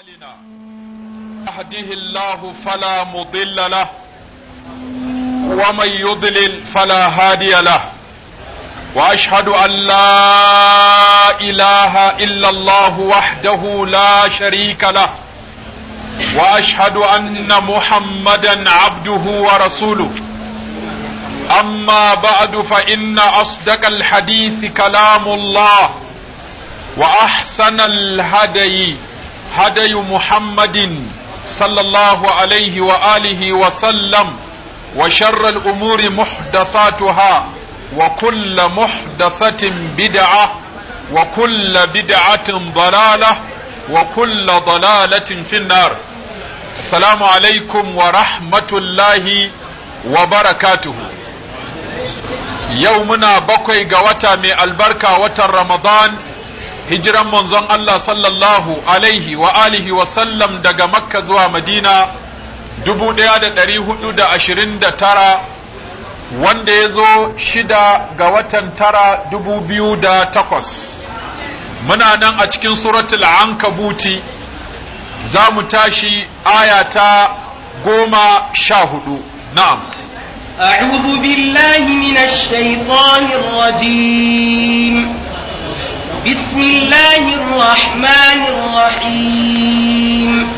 أعمالنا يهده الله فلا مضل له ومن يضلل فلا هادي له وأشهد أن لا إله إلا الله وحده لا شريك له وأشهد أن محمدا عبده ورسوله أما بعد فإن أصدق الحديث كلام الله وأحسن الهدي هدي محمد صلى الله عليه وآله وسلم وشر الأمور محدثاتها وكل محدثة بدعة وكل بدعة ضلالة وكل ضلالة في النار السلام عليكم ورحمة الله وبركاته يومنا بقي قوتا من البركة وتر رمضان hijiran manzon Allah sallallahu alaihi wa alihi wa sallam daga makka zuwa madina dubu ɗaya da ɗari hudu da ashirin da tara wanda ya zo shida ga watan tara dubu biyu da takwas muna nan a cikin suratul ankabuti za mu tashi aya ta goma sha hudu na'am أعوذ بالله من الشيطان بسم الله الرحمن الرحيم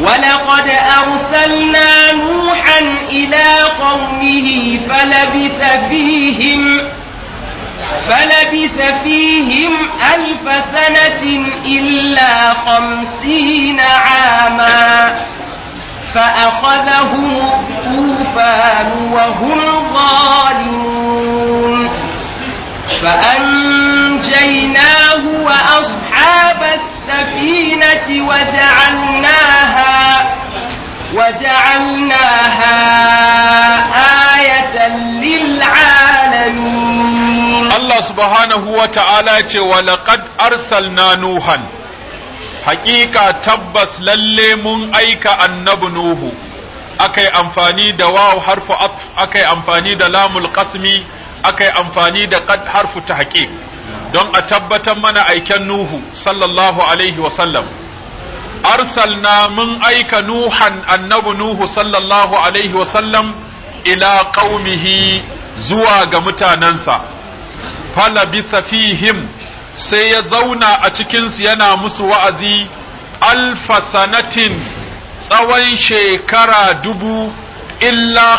ولقد أرسلنا نوحا إلى قومه فلبث فيهم فلبث فيهم ألف سنة إلا خمسين عاما فأخذهم الطوفان وهم ظالمون فأما ونجيناه وأصحاب السفينة وجعلناها وجعلناها آية للعالمين الله سبحانه وتعالى ولقد أرسلنا نوحا حقيقة تبس للي من أيك النب نوح أكي أنفاني دواو حرف أطف أكي أنفاني دلام القسمي أكي أنفاني دقد حرف تحقيق don a tabbatar mana aiken Nuhu sallallahu alaihi wasallam arsalna mun aika Nuhan annabi Nuhu sallallahu alaihi wasallam ila ƙaumihi zuwa ga mutanensa fala bisa fihim sai ya zauna a cikinsu yana musu wa'azi alfasanatin sanatin tsawon shekara dubu illa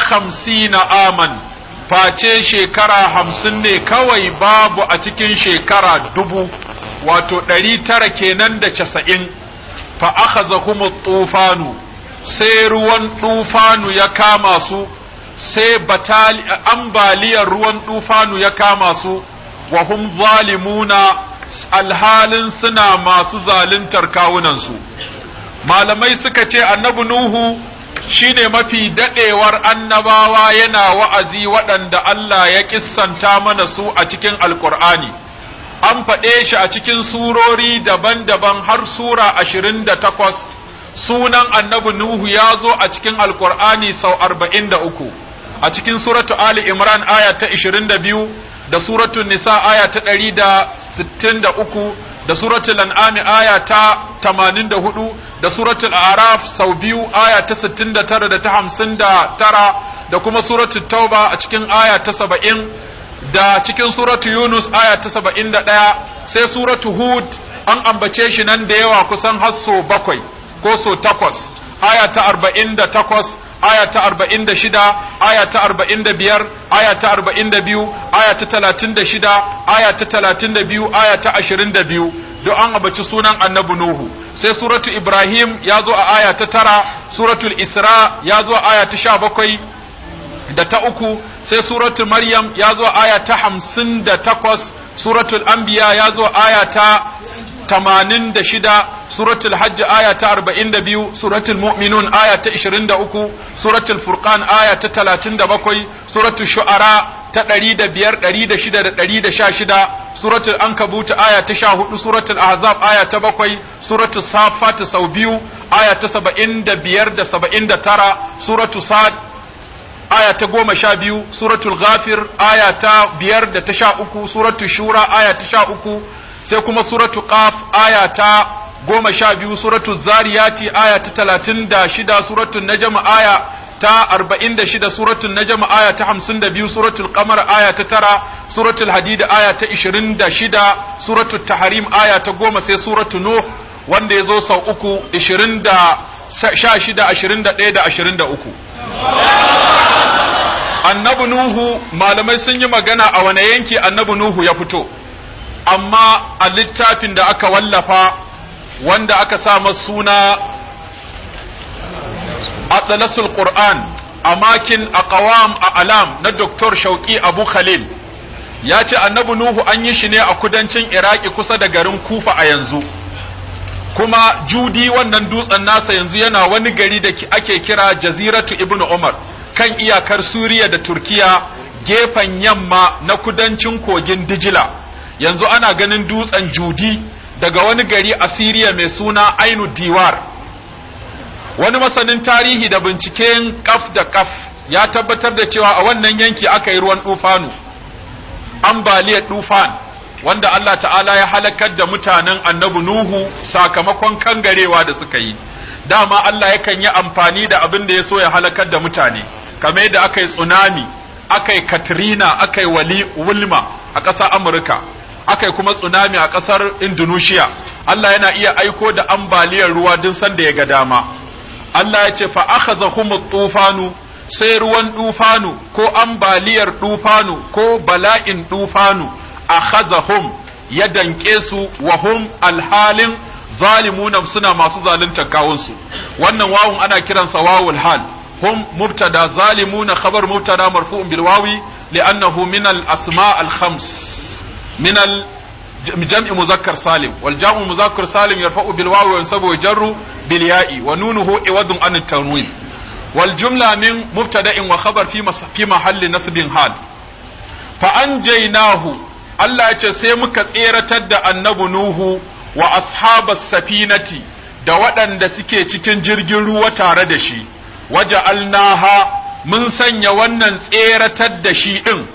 na aman face shekara hamsin ne kawai babu a cikin shekara dubu wato ɗari tara kenan da casa'in fa aka kuma tsufanu sai ruwan tsufanu ya kama su sai ambaliyar ruwan tsufanu ya kama su wa hum zalimuna alhalin suna masu zaluntar kawunansu malamai suka ce annabi nuhu shine mafi daɗewar annabawa yana wa'azi waɗanda Allah ya kissanta mana su a cikin alkur'ani an faɗe shi a cikin surori daban-daban har sura ashirin da takwas sunan annabi Nuhu ya zo a cikin alkur'ani sau arba'in da uku a cikin suratu Ali Imran aya ta da biyu da suratul nisa aya ta 163 da suratul an'ami aya ta 84 da suratul araf sau biyu aya ta 69 da ta 59 da kuma suratul tauba a cikin aya ta 70 da cikin suratul yunus aya ta 71 sai suratul hud an ambace shi nan da yawa kusan har so bakwai ko so takwas aya ta 48 aya ta shida aya ta biyar aya ta biyu aya ta shida aya ta biyu aya ta biyu. duk an abaci sunan annabi nuhu sai suratu ibrahim ya zo a aya ta tara suratul isra ya zo a aya ta bakwai da ta uku sai suratu maryam ya zo a aya ta takwas suratul anbiya ya zo aya ta tamanin da shida suratul hajji aya ta arba'in da biyu suratul mu'minun aya ishirin da uku suratul furqan aya ta talatin da bakwai suratul shu'ara ta ɗari da biyar ɗari da shida da ɗari da sha shida suratul ankabut aya ta sha hudu suratul ahzab aya ta bakwai suratul safat sau biyu aya ta saba'in da biyar da saba'in da tara suratul sad aya ta goma sha biyu suratul ghafir aya ta biyar da ta sha uku suratul shura aya ta sha uku sai kuma suratu qaf aya ta goma sha biyu suratu zariyati aya ta talatin da shida suratu najm aya ta arba'in da shida suratul najm aya ta hamsin da biyu suratul qamar aya ta tara suratu hadid aya ta ishirin da shida suratul tahrim aya ta goma sai suratu no wanda ya zo sau uku ishirin da sha shida ashirin da ɗaya da ashirin da uku annabi nuhu malamai sun yi magana a wane yanki annabi nuhu ya fito amma a littafin da aka wallafa wanda aka sa suna atlasul qur'an amakin aqwam a alam na Dr. shauki abu khalil ya ce annabi nuhu an yi shi ne a kudancin iraki kusa da garin kufa a yanzu kuma judi wannan dutsen nasa yanzu yana wani gari da ake kira jaziratu ibnu umar kan iyakar suriya da turkiya gefen yamma na kudancin kogin dijila yanzu ana ganin dutsen judi daga wani gari a Siriya mai suna Ainu Diwar wani masanin tarihi da binciken kaf da kaf ya tabbatar da cewa a wannan yanki aka yi ruwan dufanu ambaliyar dufan wanda Allah ta'ala ya halakar da mutanen annabi Nuhu sakamakon kangarewa da suka yi dama Allah yakan yi amfani da abin da ya so ya halakar da mutane kamar da aka yi tsunami aka yi katrina aka yi wulma a ƙasa amurka aka yi kuma tsunami a ƙasar Indonesia Allah yana iya aiko da ambaliyar ruwa duk sanda ya ga dama Allah ya ce fa akhazahumut tufanu sai ruwan dufanu ko ambaliyar ɗufanu ko bala'in dufanu akhazahum ya danke su wa hum alhalin zalimuna suna masu zalunta kawunsu wannan wawun ana kiransa wawul hal hum mubtada zalimuna khabar mubtada marfu'un bil wawi li'annahu min al asma' al khams min al jam'i muzakkar salim wal jam'u muzakkar salim yarfa'u bil wawi wa jarru bil ya'i wa nunuhu iwadun an tanwin wal jumla min mubtada'in wa khabar fi fi mahalli nasbin hal fa anjaynahu Allah ya ce sai muka tseratar da annabi nuhu wa ashabas safinati da waɗanda suke cikin jirgin ruwa tare da shi waje alnaha mun sanya wannan tseratar da shi ɗin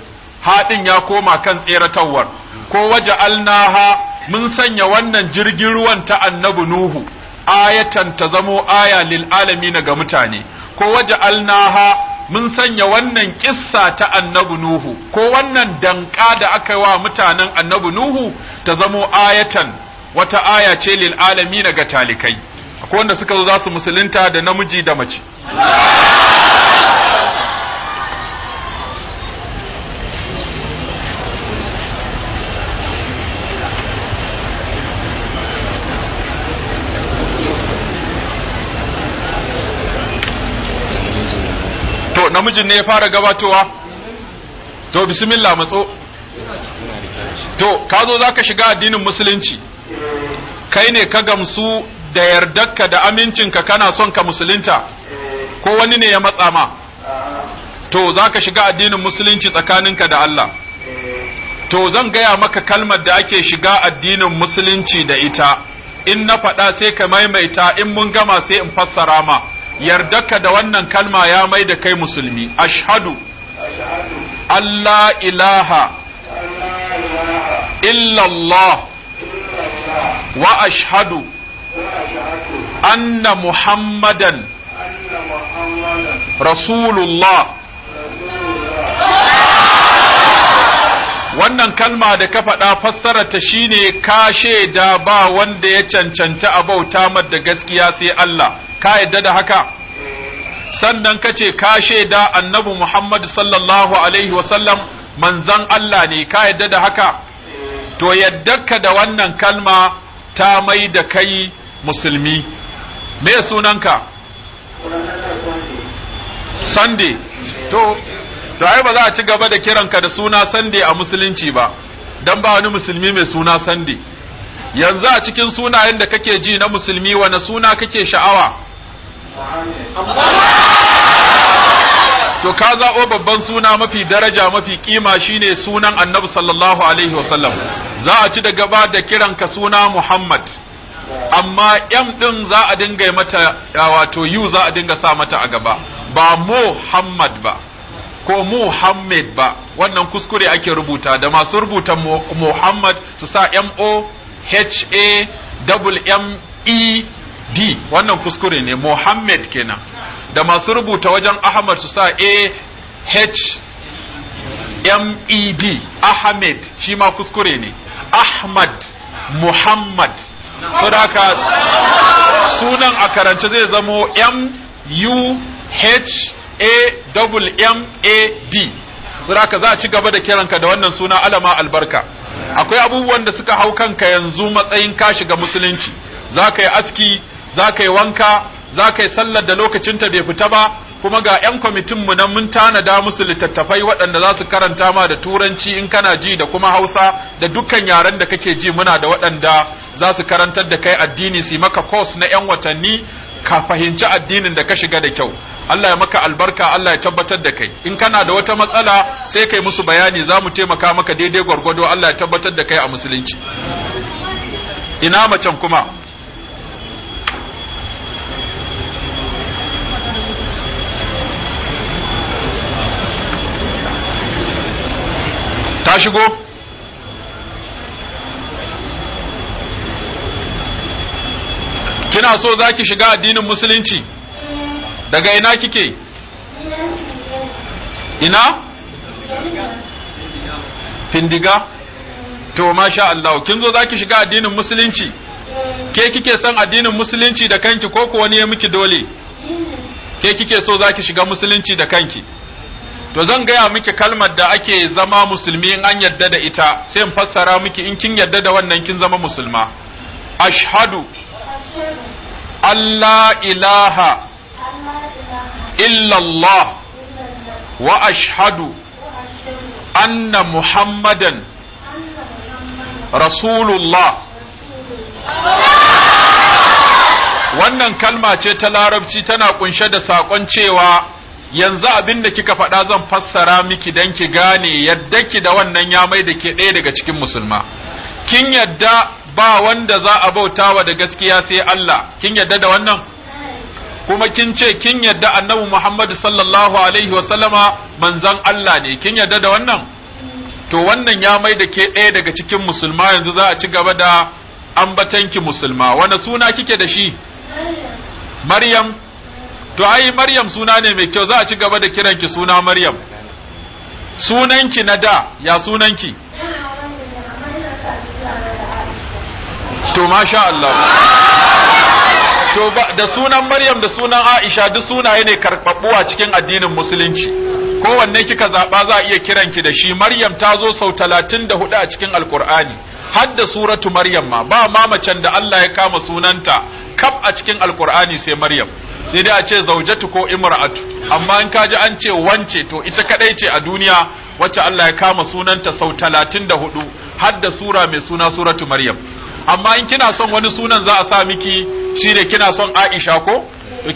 haɗin ya koma kan tseratarwar ko waje alnaha mun sanya wannan jirgin ruwan ta annabi nuhu ayatan ta zamo aya lil alamin ga mutane ko waje alnaha mun sanya wannan kissa ta annabi nuhu ko wannan danka da aka yi wa mutanen annabi nuhu ta zamo ayatan wata aya ce lil alamin ga talikai akwai wanda suka zo za su musulunta da namiji da mace namijin ne ya fara gabatowa to bismillah matso to ka zo za ka shiga addinin musulunci kai ne ka gamsu da yardarka da amincin ka kana son ka musulunta ko wani ne ya matsa ma to za ka shiga addinin musulunci tsakaninka da Allah to zan gaya maka kalmar da ake shiga addinin musulunci da ita in na faɗa sai ka maimaita in mun gama sai in fassara ma Yardaka da wannan kalma ya mai da kai musulmi ashhadu Allah ilaha illallah wa ashadu, anna muhammadan rasulullah wannan kalma da ka faɗa fassararta shine ka shaida ba wanda ya cancanta a bauta da gaskiya sai Allah ka yadda da haka sannan ka ce ka shaida annabi Muhammad sallallahu alaihi wasallam manzan Allah ne ka yadda da haka to yaddarka da wannan kalma ta mai da kai musulmi me sunanka Sunday to to ai ba za a ci gaba da kiranka da suna Sunday a musulunci ba dan ba wani musulmi mai suna Sunday yanzu a cikin sunayen da kake ji na musulmi wani suna kake sha'awa to ka zaɓo babban suna mafi daraja mafi kima shine sunan annabi sallallahu alaihi wasallam za a ci da gaba da kiranka suna muhammad amma yam ɗin za a dinga mata wato yu za a dinga sa mata a gaba ba muhammad ba ko muhammad ba wannan kuskure ake rubuta da masu rubuta muhammad su sa mo h a m e d wannan kuskure ne Mohammed kenan da masu rubuta wajen Ahmad su sa a h m e d Ahmed shi ma kuskure ne Ahmad Muhammad saboda sunan a karance zai zamo m u h a m a e d saboda za a ci gaba da kiranka da wannan suna alama albarka akwai abubuwan da suka hau kanka yanzu matsayin ka shiga musulunci za ka yi aski za ka yi wanka za ka yi sallar da lokacinta bai fita ba kuma ga 'yan mu nan mun tanada musu littattafai waɗanda za su karanta ma da turanci in kana ji da kuma hausa da dukkan yaren da kake ji muna da waɗanda za su karantar da kai addini su maka course na 'yan watanni ka fahimci addinin da ka shiga da kyau Allah ya maka albarka Allah ya tabbatar da kai in kana da wata matsala sai kai musu bayani za mu taimaka maka daidai gwargwado Allah ya tabbatar da kai a musulunci ina macen kuma ta shigo kina so za ki shiga addinin musulunci daga ina kike ina findiga to masha Allah kin zo za ki shiga addinin musulunci ke kike son addinin musulunci da kanki ko ko wani ya miki dole ke kike so za ki shiga musulunci da kanki to zan gaya miki kalmar da ake zama musulmi in an yadda da ita sai in fassara miki in kin yadda da wannan kin zama musulma ashhadu Allah ilaha illallah wa ashhadu anna muhammadan rasulullah wannan kalma ce ta larabci tana kunshe da saƙon cewa yanzu abin da kika faɗa zan fassara miki don ki gane yadda ki da wannan ya mai da ke ɗaya daga cikin musulma. kin yadda ba wanda za a bauta wa da gaskiya sai Allah kin yadda da wannan kuma kin ce kin yadda annabi Muhammad sallallahu alaihi wa sallama manzon Allah ne kin yadda da wannan to wannan ya mai da ke ɗaya daga cikin musulma yanzu za a ci gaba da ambatanki musulma wani suna kike da shi Maryam to ai Maryam suna ne mai kyau za a ci gaba da kiranki suna Maryam sunanki na da ya sunanki to masha Allah to da sunan Maryam da sunan Aisha duk sunaye ne karɓaɓɓu a cikin addinin musulunci kowanne kika zaɓa za a iya kiranki da shi Maryam ta zo sau talatin da hudu a cikin Alkur'ani har da suratu maryam ma ba mamacen da Allah ya kama sunanta kaf a cikin alkur'ani sai maryam sai dai a ce zaujatu ko imra'atu amma in kaji an ce wance to ita kadai ce a duniya wacce Allah ya kama sunanta sau 34 har da sura mai suna suratu maryam amma in kina son wani sunan za a sa miki shi shine kina son Aisha ko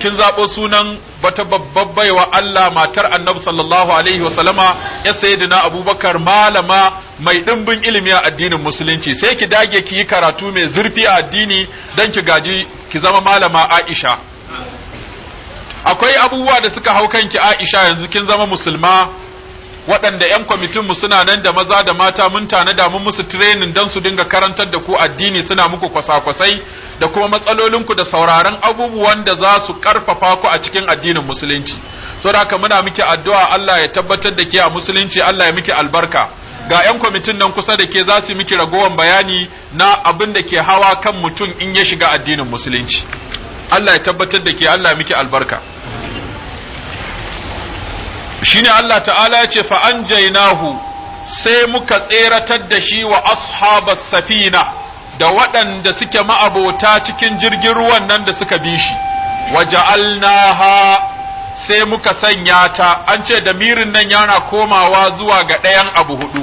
kin zabo sunan wata babbar baiwa Allah matar annabi sallallahu alaihi wasallama ya sayyidina abubakar malama mai dimbin ilimi a addinin musulunci sai ki dage ki yi karatu mai zurfi a addini dan ki gaji ki zama malama Aisha akwai abubuwa da suka hau kanki Aisha yanzu kin zama musulma waɗanda 'yan mu suna nan da maza da mata mun da mun musu training don su dinga karantar da ku addini suna muku kwasa-kwasai da kuma matsalolin ku da sauraron abubuwan da za su karfafa ku a cikin addinin musulunci saboda haka muna miki addu'a Allah ya tabbatar da ke a musulunci Allah ya miki albarka ga 'yan kwamitin nan kusa da ke za su miki ragowan bayani na abin da ke hawa kan mutum in ya shiga addinin musulunci Allah ya tabbatar da ke Allah ya miki albarka shine Allah ta'ala ya ce fa anjaynahu sai muka tseratar da shi wa ashabas safina da waɗanda suke ma'abota cikin jirgin ruwan nan da suka bi shi wa ja'alnaha sai muka sanya ta an ce da mirin nan yana komawa zuwa ga ɗayan abu hudu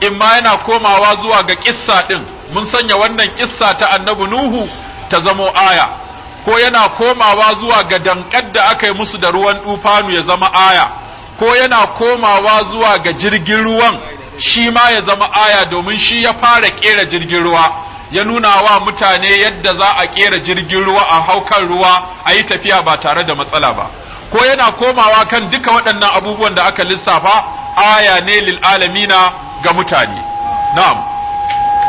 in ma yana komawa zuwa ga kissa ɗin mun sanya wannan kissa ta annabi nuhu ta zamo aya ko yana komawa zuwa ga dankar da aka yi musu da ruwan dufanu ya zama aya ko yana komawa zuwa ga jirgin ruwan shi ma ya zama aya domin shi ya fara kera jirgin ruwa ya nuna wa mutane yadda za a kera jirgin ruwa a haukan ruwa a yi tafiya ba tare da matsala ba ko yana komawa kan duka waɗannan abubuwan da aka lissafa aya ne lil alamina ga mutane na'am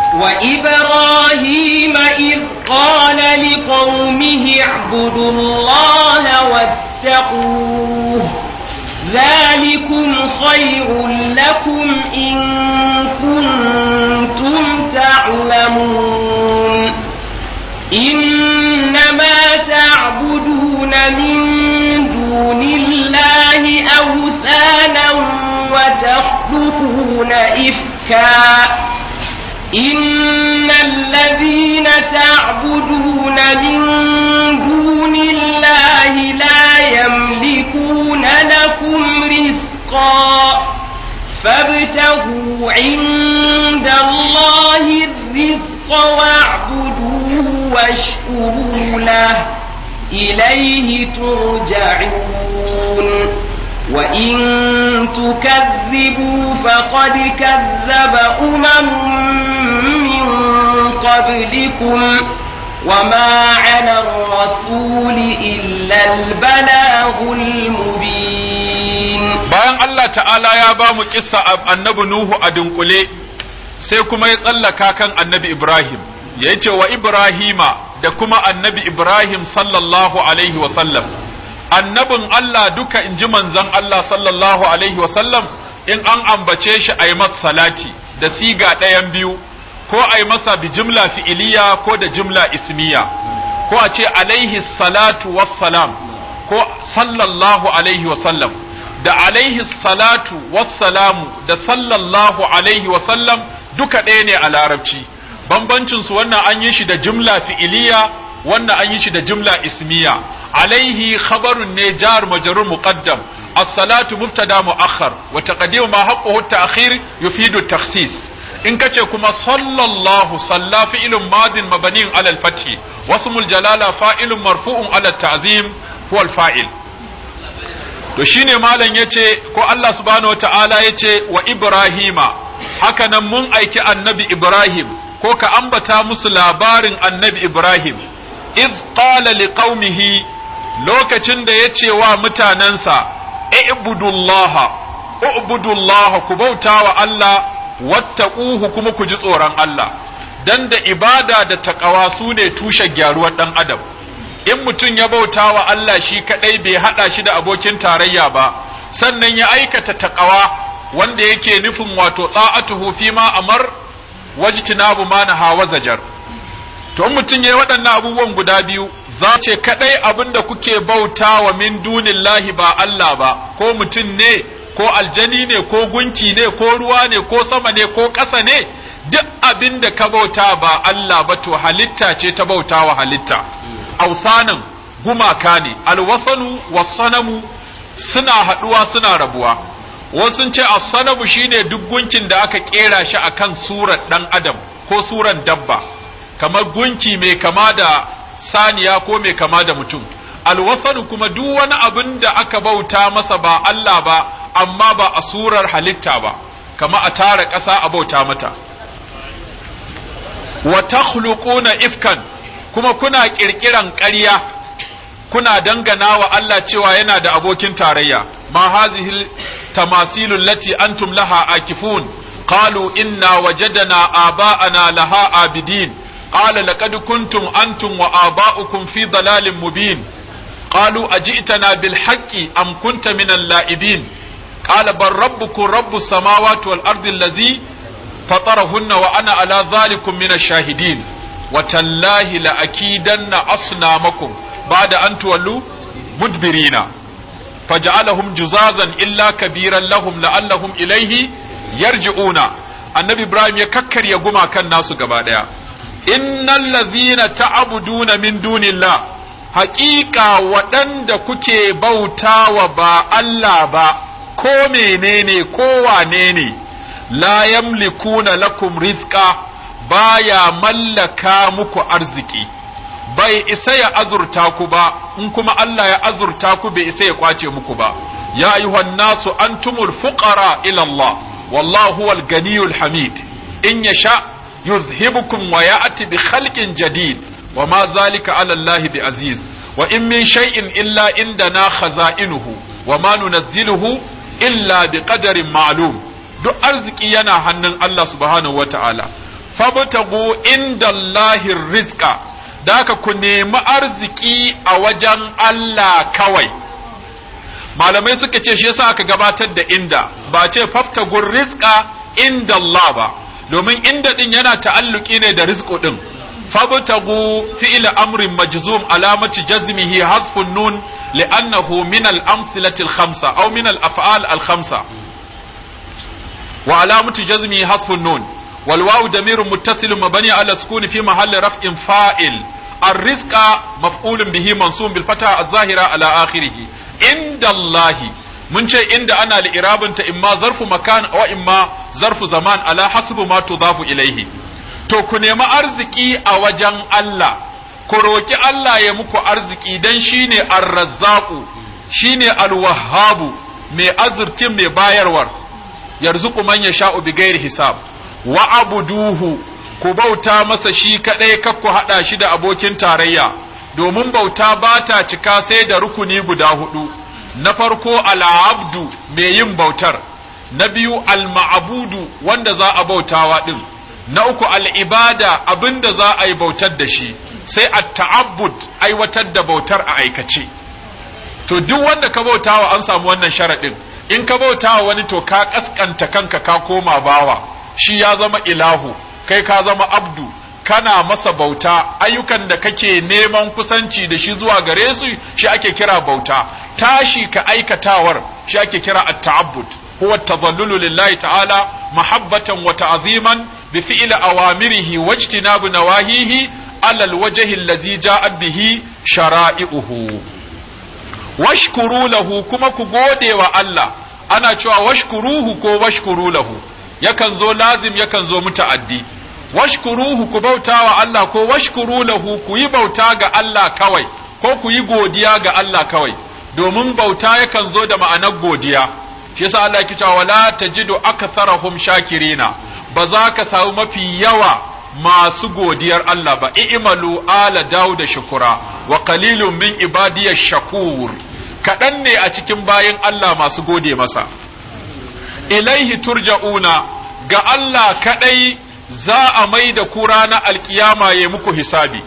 وإبراهيم إذ ذلكم خير لكم إن كنتم تعلمون إنما تعبدون من دون الله أوثانا وتخلقون إفكا إن الذين تعبدون من دون الله لا يملكون لكم رزقا فابتغوا عند الله الرزق واعبدوه واشكروا له إليه ترجعون وإن تكذبوا فقد كذب أمم من قبلكم وما على الرسول إلا البلاغ المبين بان الله تعالى يا بام قصة النبي نوح أدنقلي سيكما يتألى كاكن النبي إبراهيم يأتي وإبراهيم دكما النبي إبراهيم صلى الله عليه وسلم annabin Allah duka in ji manzon Allah sallallahu alaihi wasallam in an ambace shi a yi salati da siga ɗayan biyu ko a yi masa bi jimla fi'iliya ko da jimla ismiya ko a ce alaihi salatu wassalam ko sallallahu alaihi wasallam da alaihi salatu wassalamu da sallallahu alaihi wasallam duka ɗaya ne a larabci bambancinsu wannan an yi shi da jimla fi'iliya wannan an yi shi da jumla ismiya alaihi khabarun ne jar majarur muqaddam as-salatu mubtada muakhar wa taqdimu ma haqquhu at-ta'khir yufidu at-takhsis in kace kuma sallallahu salla fi'lun madin mabaniin ala al-fath wasmul jalala fa'ilun marfu'un ala at-ta'zim huwa al-fa'il to shine malam yace ko Allah subhanahu wata'ala yace wa ibrahima haka nan mun aiki annabi ibrahim ko ka ambata musu labarin annabi ibrahim iz qala liqaumihi lokacin da ya ce wa mutanensa, i'budullaha ubudullah ku bauta wa Allah wattaquhu kuma ku ji tsoron Allah dan da ibada da taƙawa su ne tushen gyaruwar ɗan adam in mutum ya bauta wa Allah shi kaɗai bai haɗa shi da abokin tarayya ba sannan ya aikata taƙawa wanda yake nufin wato tsa'atuhu fi ma amar wajtinabu ma hawa zajar to mutum yi waɗannan abubuwan guda biyu za ce abin da kuke bauta wa min dunillahi ba Allah ba ko mutum ne ko aljani ne ko gunki ne ko ruwa ne ko sama ne ko ƙasa ne duk abinda ka bauta ba Allah ba to halitta ce ta bauta wa halitta ausanin gumaka ne alwasanu wasanamu suna haɗuwa suna rabuwa wasu ce asanamu shine duk gunkin da aka kera shi akan surar dan adam ko surar dabba kamar gunki mai kama da saniya ko mai kama da mutum alwasanu kuma duk wani abin da aka bauta masa ba Allah ba amma ba a surar halitta ba kama a tara ƙasa a bauta mata wa takhluquna ifkan kuma kuna ƙirƙiran ƙarya kuna dangana wa Allah cewa yana da abokin tarayya ma hazihi tamasilul lati antum laha akifun qalu inna wajadna aba'ana laha abidin qala laqad kuntum antum wa aba'ukum fi dalalin mubin قالوا أجئتنا بالحق أم كنت من اللائبين قال بل ربكم رب السماوات والأرض الذي فطرهن وأنا على ذلك من الشاهدين وتالله لأكيدن أصنامكم بعد أن تولوا مدبرين فجعلهم جزازا إلا كبيرا لهم لعلهم إليه يرجعون النبي إبراهيم يككر يقوم كان ناس قبادئا innal ladhina ta'buduna min dunillah haqiqa waɗanda kuke bautawa ba Allah ba ko menene ko wane ne la yamlikuna lakum rizqa baya mallaka muku arziki bai isa ya azurta ku ba in kuma Allah ya azurta ku bai isa ya kwace muku ba ya ayyuhan nasu antumul fuqara ila Allah wallahu huwal ganiyul hamid in yasha yuzhibukum wa ya'ti bi khalqin jadid wa mazalika zalika bi aziz wa in min shay'in illa indana inuhu wa ma nunazziluhu illa bi qadarin ma'alum duk arziki yana hannun Allah subhanahu wa ta'ala fabtagu inda Allahi rizqa daka ku nemi arziki a wajen Allah kawai malamai suka ce shi yasa aka gabatar da inda ba ce faftagun rizqa inda Allah ba domin inda din yana ta'alluki ne da rizqu din fabtagu fi'l amrin majzum alamati jazmihi hasfun nun li'annahu min al-amsilati al-khamsa aw min al-af'al al-khamsa wa alamati jazmihi hasfun nun wal waw damirun muttasilun mabni ala sukuni fi mahalli raf'in fa'il الرزق مفعول به منصوب بالفتحة الظاهرة على آخره inda الله mun ce inda ana li'irabinta imma zarfu makan wa imma zarfu zaman ala hasbu ma tudafu ilaihi to ku nemi arziki a wajen Allah ku roki Allah ya muku arziki dan shine ar-razzaqu shine al-wahhabu mai azurtin mai bayarwar yarzuku man bi ghairi hisab wa abuduhu ku bauta masa shi kadai ku hada shi da abokin tarayya domin bauta bata cika sai da rukuni guda hudu na farko al'abdu mai yin bautar na biyu al-ma'budu wanda za a bautawa din na uku al'ibada abinda za a yi bautar da shi sai a ta'abbud aiwatar da bautar a aikace to duk wanda ka bautawa an samu wannan sharaɗin in ka bautawa wani to ka kaskanta kanka ka koma bawa shi ya zama ilahu kai ka zama abdu kana masa bauta ayyukan da kake neman kusanci da shi zuwa gare su shi ake kira bauta tashi ka aikatawar shi ake kira at-ta'abbud huwa at-tadhallulu lillahi ta'ala mahabbatan wa ta'ziman bi fi'li awamirihi wajtinabu nawahihi ala al-wajhi allazi ja'a bihi shara'i'uhu washkuru lahu kuma ku gode wa Allah ana cewa washkuruhu ko washkuru lahu yakan zo lazim yakan zo muta'addi washkuruhu ku bauta wa Allah ko washkuru lahu ku yi bauta ga Allah kawai ko ku yi godiya ga Allah kawai domin bauta yakan zo da ma'anar godiya shi yasa Allah yake cewa wala tajidu aktharahum shakirina ba za ka samu mafi yawa masu godiyar Allah ba i'malu ala dauda shukura wa qalilun min ibadiyya shakur kaɗan ne a cikin bayin Allah masu gode masa ilaihi turja'una ga Allah kaɗai za a mai da ku ranar alkiyama ya muku hisabi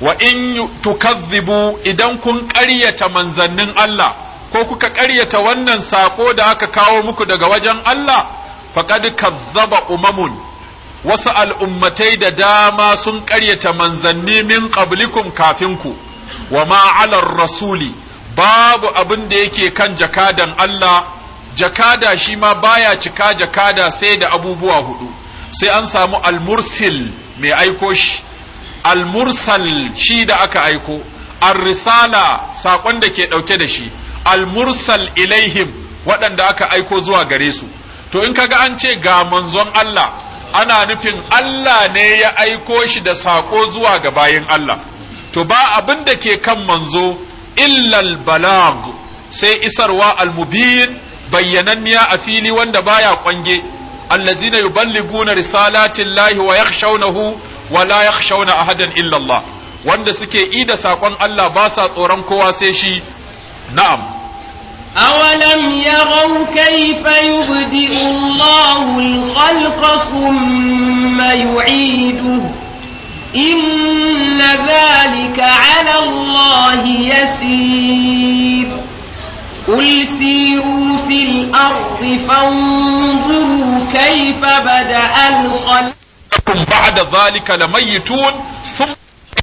wa in tukazzibu idan kun ƙaryata manzannin Allah ko kuka ƙaryata wannan saƙo da aka kawo muku daga wajen Allah faqad kazzaba umamun wasu al'ummatai da dama sun ƙaryata manzanni min qablikum kafinku wa ma rasuli babu abin da yake kan jakadan Allah jakada shi ma baya cika jakada sai da abubuwa hudu sai an samu almursil mai aiko shi almursal shi da aka aiko arrisala saƙon da ke ɗauke da shi almursal ilaihim waɗanda aka aiko zuwa gare su to in kaga an ce ga manzon Allah ana nufin Allah ne ya aiko shi da saƙo zuwa ga bayin Allah to ba abin da ke kan manzo illal balag sai isarwa almubin bayyananniya a fili wanda baya kwange allazina yuballiguna risalatin lahi wa yakhshawnahu wa la yakhshawna ahadan illa Allah wanda suke ida sakon Allah ba sa tsoron kowa sai shi na'am أولم يروا كيف يبدئ الله الخلق ثم يعيده إن ذلك على الله يسير قل سيروا في الأرض فانظروا كيف بدأ الخلق بعد ذلك لميتون ثم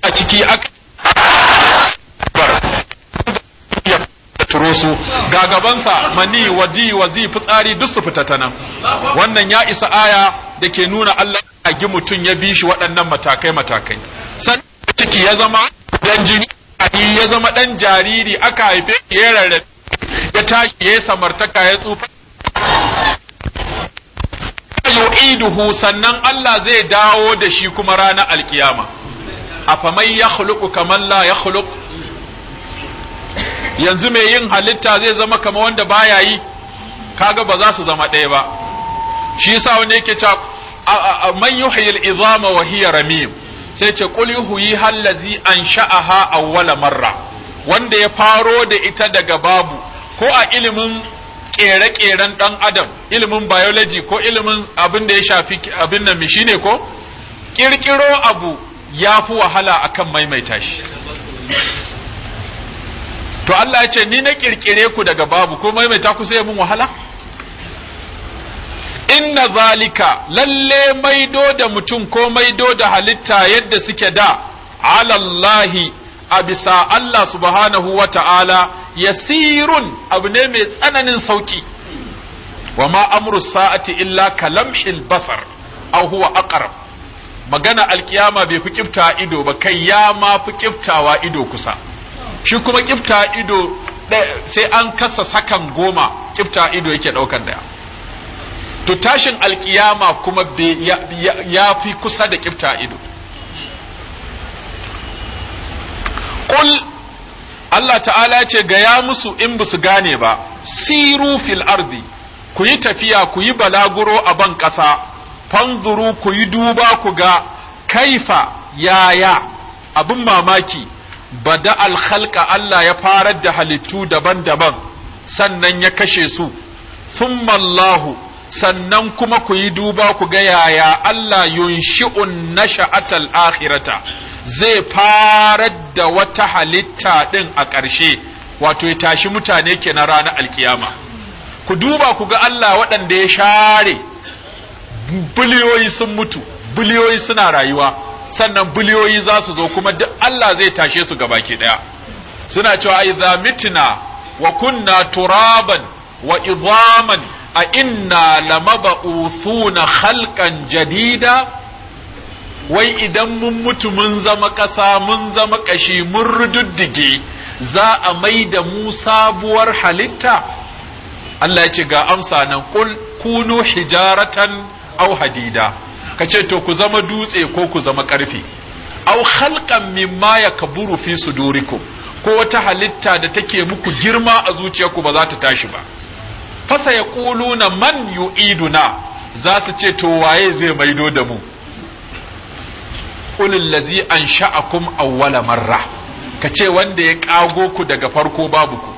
أتكي أكبر ciro ga gabansa mani waji wazi fitsari duk su fita ta nan wannan ya isa aya da ke nuna Allah ya gi mutum ya bi shi waɗannan matakai matakai san ciki ya zama dan jini ya zama dan jariri aka haife ya rarrabe ya tashi ya samartaka ya tsufa yu'iduhu sannan Allah zai dawo da shi kuma ranar alkiyama mai ya khuluqu kaman la ya yanzu mai yin halitta zai zama kama wanda baya yi kaga ba za su zama ɗaya ba shi yasa wanda yake ta man yuhyil izama wa hiya ramim sai ce qul yuhyi allazi ansha'aha awwala marra wanda ya faro da ita daga babu ko a ilimin kere-keren ɗan adam ilimin biology ko ilimin abin da ya shafi abin nan shine ko kirkiro abu ya fi wahala akan maimaita shi to Allah ya ce ni na kirkire ku daga babu ko maimaita ku sai mun wahala inna zalika lalle maido da mutum ko maido da halitta yadda suke da alallahi a bisa Allah subhanahu wa ta'ala yasirun abu ne mai tsananin sauƙi. wa ma amru sa'ati illa kalamhil basar aw huwa aqrab magana alkiyama bai fi kifta ido ba kai ya ma fi kiftawa ido kusa shi kuma kifta ido sai an kasa sakan goma kifta ido yake daukan daya to tashin alkiyama kuma ya fi kusa da kifta ido qul Allah ta'ala ya ce gaya musu in ba su gane ba siru fil ardi ku yi tafiya ku yi balaguro a ban ƙasa fanzuru ku yi duba ku ga kaifa yaya abin mamaki bada alhalka Allah ya farar da halittu daban-daban sannan ya kashe su Allahu sannan kuma ku yi duba ku ga yaya Allah yunshi'un nasha'atal akhirata zai farar da wata halitta ɗin a ƙarshe wato ya tashi mutane ke na ranar alkiyama ku duba ku ga Allah waɗanda ya share biliyoyi sun mutu biliyoyi suna rayuwa sannan biliyoyi za su zo kuma duk Allah zai tashe su gabaki ɗaya suna cewa ai za mitina wa kunna turaban wa idhaman a inna usuna khalqan jadida wai idan mun mutu mun zama ƙasa mun zama ƙashi mun rududdige za a mai da mu sabuwar halitta Allah ya ce ga amsa nan kul kunu hijaratan aw hadida kace to ku zama dutse ko ku zama ƙarfe aw khalqan mimma yakburu fi sudurikum ko wata halitta da take muku girma a zuciyarku ba za ta tashi ba fasa na man yu'iduna za su ce to waye zai maido da mu qulil ladzi ansha'akum awwala marra kace wanda ya kago ku daga farko babu ku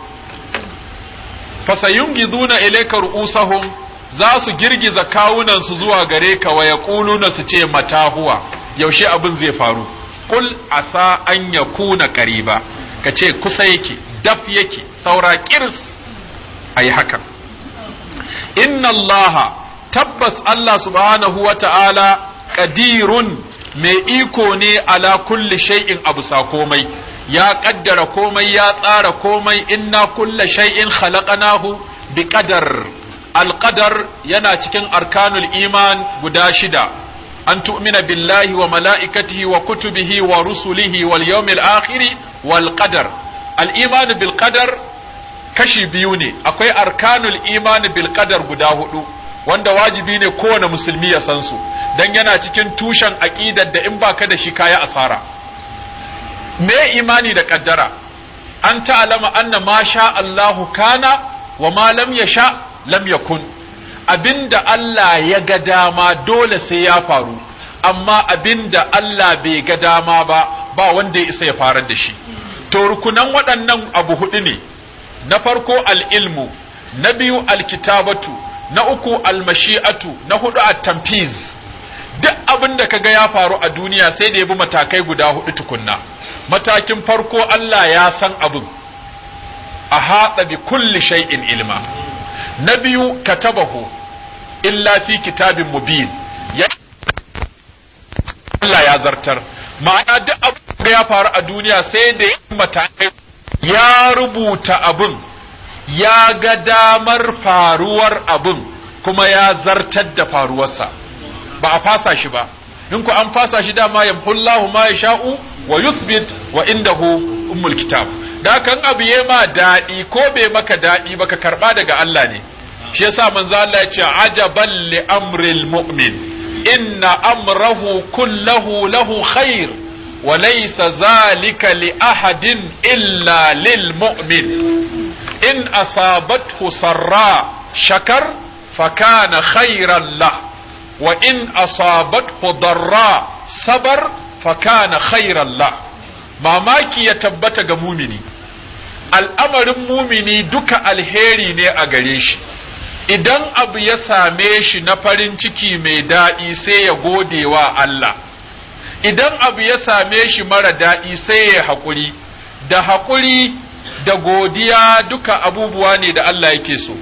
fasayungiduna ilayka ru'usahum za su girgiza kawunan su zuwa gare ka wa yaquluna su ce matahuwa yaushe abin zai faru qul asa an yakuna qariba kace kusa yake daf yake saura kirs yi haka inna allaha tabbas Allah subhanahu wa ta'ala ƙadirun mai iko ne ala kulli shay'in abu sa komai ya kaddara komai ya tsara komai inna kulle shay'in khalaƙa bi qadar Alƙadar yana cikin arkanul iman guda shida an tu'mina billahi wa mala'ikatihi wa kutubihi wa rusulihi wal yawmil akhir wal qadar al iman bil qadar kashi biyu ne akwai arkanul imani bil qadar guda hudu wanda wajibi ne kowane musulmi ya san su dan yana cikin tushen aqidar da in baka da shi kaya asara me imani da kaddara an ta'alama anna ma sha Allahu kana wa ma lam Sha, lam yakun abinda Allah ya ga dama dole sai ya faru amma abinda Allah bai ga dama ba ba wanda ya isa ya farar da shi to rukunan waɗannan abu hudu ne na farko al'ilmu na biyu alkitabatu na uku almashi'atu na hudu at-tamfiz duk abin da kaga ya faru a duniya sai da ya bi matakai guda hudu tukunna matakin farko Allah ya san abin a haɗa bi kulli shay'in ilma na biyu katabahu illa fi kitabin mubin ya Allah ya zartar ma'ana duk abin da ya faru a duniya sai da ya matakai ya rubuta abin ya ga damar faruwar abin kuma ya zartar da faruwarsa ba a fasa shi ba in ku an fasa shi dama yamhullahu ma sha'u wa yusbit wa indahu ummul kitab da kan abu ya ma daɗi ko bai maka daɗi Ba ka karɓa daga Allah ne shi yasa manzo Allah ya ce ajaban li amril mu'min inna amrahu kullahu lahu khair wa laysa zalika li ahadin illa lil mu'min in asabathu husarra shakar faka na lah wa in asabathu darra sabar faka khairan lah mamaki ya tabbata ga mumini al'amarin mumini duka alheri ne a gare shi idan abu ya same shi na farin ciki mai daɗi sai ya gode wa Allah idan abu ya same shi mara daɗi sai ya haƙuri da haƙuri da godiya duka abubuwa ne da Allah yake so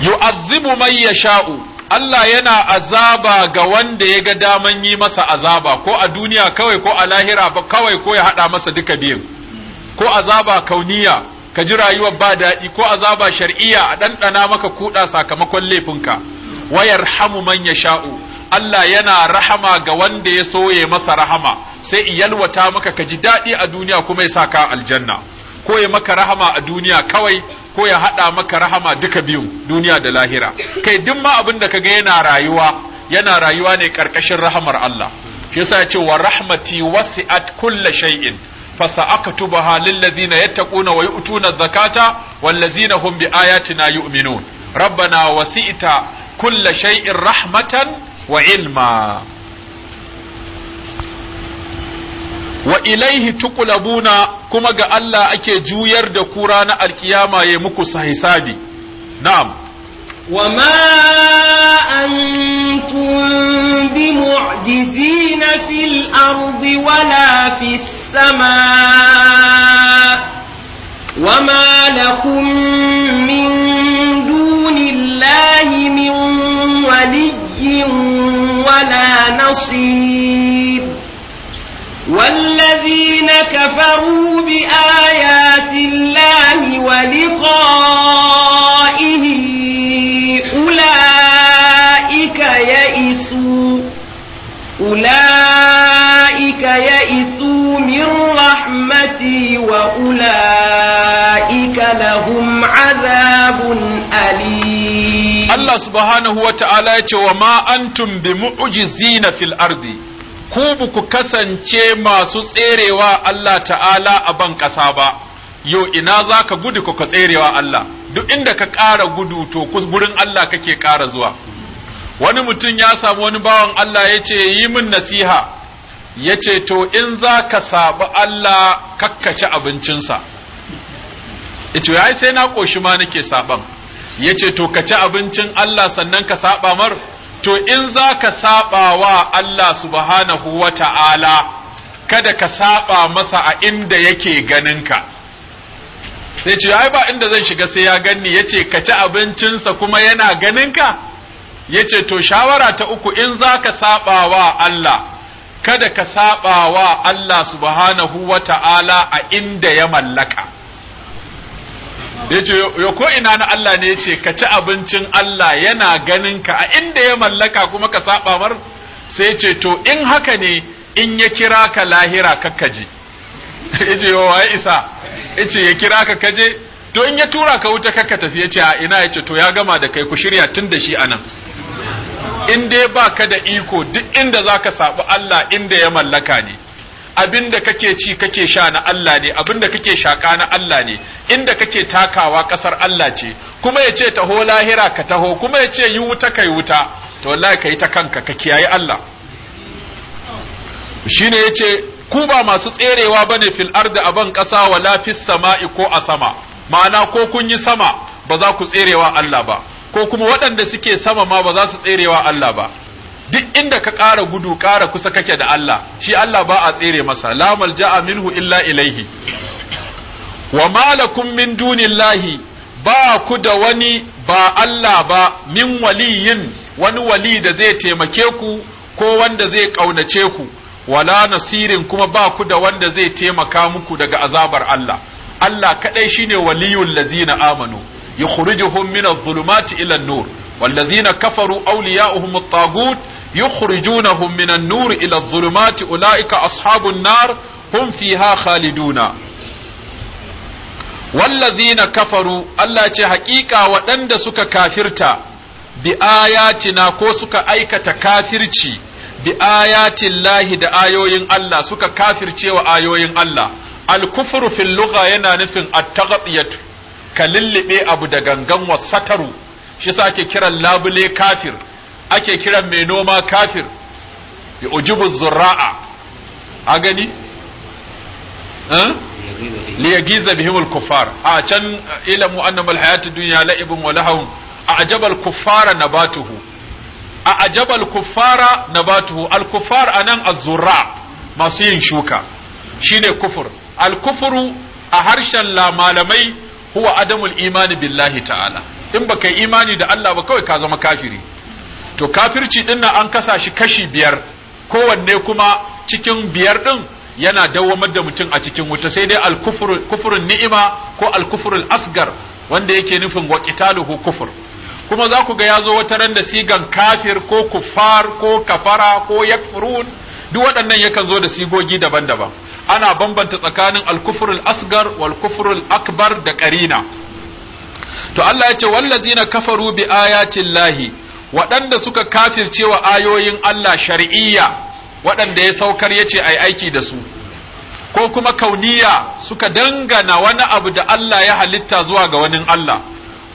yu'azzibu man yasha'u Allah yana azaba ga wanda ya ga daman yi masa azaba ko a duniya kawai ko a lahira ba kawai ko ya haɗa masa duka biyu ko azaba kauniya ka ji rayuwar ba daɗi ko azaba shar'iyya a ɗanɗana maka kuɗa sakamakon laifinka Wayar yarhamu man sha'u. Allah yana rahama ga wanda ya soya masa rahama sai in yalwata maka ka ji daɗi a duniya kuma ya sa ka aljanna ko ya maka rahama a duniya kawai ko ya haɗa maka rahama duka biyun duniya da lahira kai duk ma abin da kaga yana rayuwa yana rayuwa ne ƙarƙashin rahamar Allah shi yasa ya ce wa rahmati wasi'at kulli shay'in فسأكتبها للذين يتقون ويؤتون الزكاة والذين هم بآياتنا يؤمنون rabbana wasi'ta kulla shay'in rahmatan wa ilma wa ilaihi tuqlabuna kuma ga Allah ake juyar da ku ranar alkiyama ya muku hisabi na'am wa ma antum bi mu'jizina fil ardi wala fis samaa wa ma كفروا بآيات الله ولقائه أولئك يئسوا أولئك يئسوا من رحمتي وأولئك لهم عذاب أليم الله سبحانه وتعالى وما أنتم بمعجزين في الأرض ku ba ku kasance masu tserewa Allah ta'ala a ban ƙasa ba yo ina za ka gudu ka tserewa Allah duk inda ka ƙara gudu to gurin Allah kake ƙara zuwa wani mutum ya samu wani bawan Allah ya ce yi min nasiha ya ce to in za ka saɓi Allah kakkace abincinsa ito ya sai na ƙoshi ma nake saɓan ya ce to ka ci abincin Allah sannan ka saɓa mar to in za ka saba wa Allah subhanahu wa ta'ala kada ka saba masa a inda yake ganinka sai ce ai ba inda zan shiga sai ya ganni yace ka ci abincinsa kuma yana ganinka yace to shawara ta uku in za ka saba wa Allah kada ka saba wa Allah subhanahu wa ta'ala a inda ya mallaka yace yo ko ina na Allah ne yace ka ci abincin Allah yana ganin ka a inda ya mallaka kuma ka saba mar sai yace to in haka ne in ya kira ka lahira kakkaje yace yo wai isa yace ya kira ka kaje to in ya tura ka wuta kakka tafi yace a ina yace to ya gama da kai ku shirya tun da shi anan in dai baka da iko duk inda zaka saɓi Allah inda ya mallaka ne abin da kake ci kake sha na Allah ne abin da kake shaka na Allah ne inda kake takawa ƙasar Allah ce kuma ya ce taho lahira ka taho kuma ya ce yi wuta kai wuta to wallahi ka yi ta kanka ka kiyaye Allah shine ya ce ku ba masu tserewa bane fil ardi aban kasa wala fis sama'i ko a sama ma'ana ko kun yi sama ba za ku tserewa Allah ba ko kuma waɗanda suke sama ma ba za su tserewa Allah ba duk inda ka ƙara gudu ƙara kusa kake da Allah shi Allah ba a tsere masa la malja'a minhu illa ilaihi wa malakum min dunillahi ba ku da wani ba Allah ba min waliyin wani wali da zai taimake ku ko wanda zai ƙaunace ku wala nasirin kuma ba ku da wanda zai taimaka muku daga azabar Allah Allah kadai shine waliyul lazina amanu yukhrijuhum min adh-dhulumati ila an-nur والذين كفروا أولياؤهم الطاغوت يخرجونهم من النور إلى الظلمات أولئك أصحاب النار هم فيها خالدون والذين كفروا الله حقيقة وأند سك كافرتا بآياتنا كو سك أيكة كافرتي بآيات الله دا آيوين الله سك كافرتي وآيوين الله الكفر في اللغة ينا نفن التغطية ka lullube abu da gangan wa sataru shi sa ake kiran labule kafir ake kiran mai noma kafir ya ujibu zurra'a a gani eh? liyagiza bihimul kufar a can eh, ilamu annamal hayatu dunya la'ibun wa lahawun a ajabal kuffara nabatuhu a ajabal kuffara al kufar anan az masu yin shuka shine kufur al kufuru a harshen la malamai huwa adamul imani billahi ta'ala in baka yi imani da Allah ba kawai ka zama kafiri to kafirci din nan an kasa shi kashi biyar kowanne kuma cikin biyar din yana dawwamar da mutum a cikin wuta sai dai al al-kufrun ni'ima ko al alkufrul asgar wanda yake nufin wa qitaluhu kufur kuma za ku ga ya zo wata ran da sigan kafir ko kufar ko kafara ko yakfurun duk waɗannan yakan zo da sigogi daban-daban ana bambanta tsakanin al alkufrul asgar wal kufrul akbar da karina to Allah ya ce wallazina kafaru bi ayatin lahi waɗanda suka kafirce wa ayoyin Allah shar'iyya waɗanda ya saukar ya ce ai aiki da su ko kuma kauniya suka dangana wani abu da Allah ya halitta zuwa ga wani Allah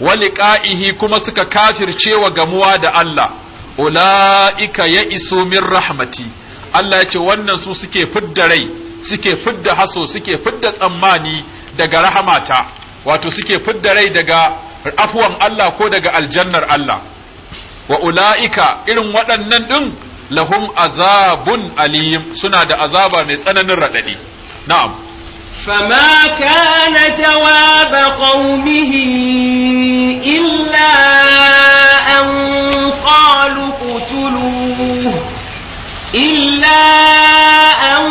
waliqa'ihi kuma suka kafircewa gamuwa da Allah ula'ika ya iso min rahmati Allah ya ce wannan su suke fidda rai suke fidda haso suke fidda tsammani daga rahamata wato suke fidda rai daga afuwan Allah ko daga aljannar Allah wa ula'ika irin waɗannan ɗin lahum azabun aliyim suna da azaba mai tsananin raɗaɗi na'am فما كان جواب قومه إلا أن قالوا اقتلوه إلا أن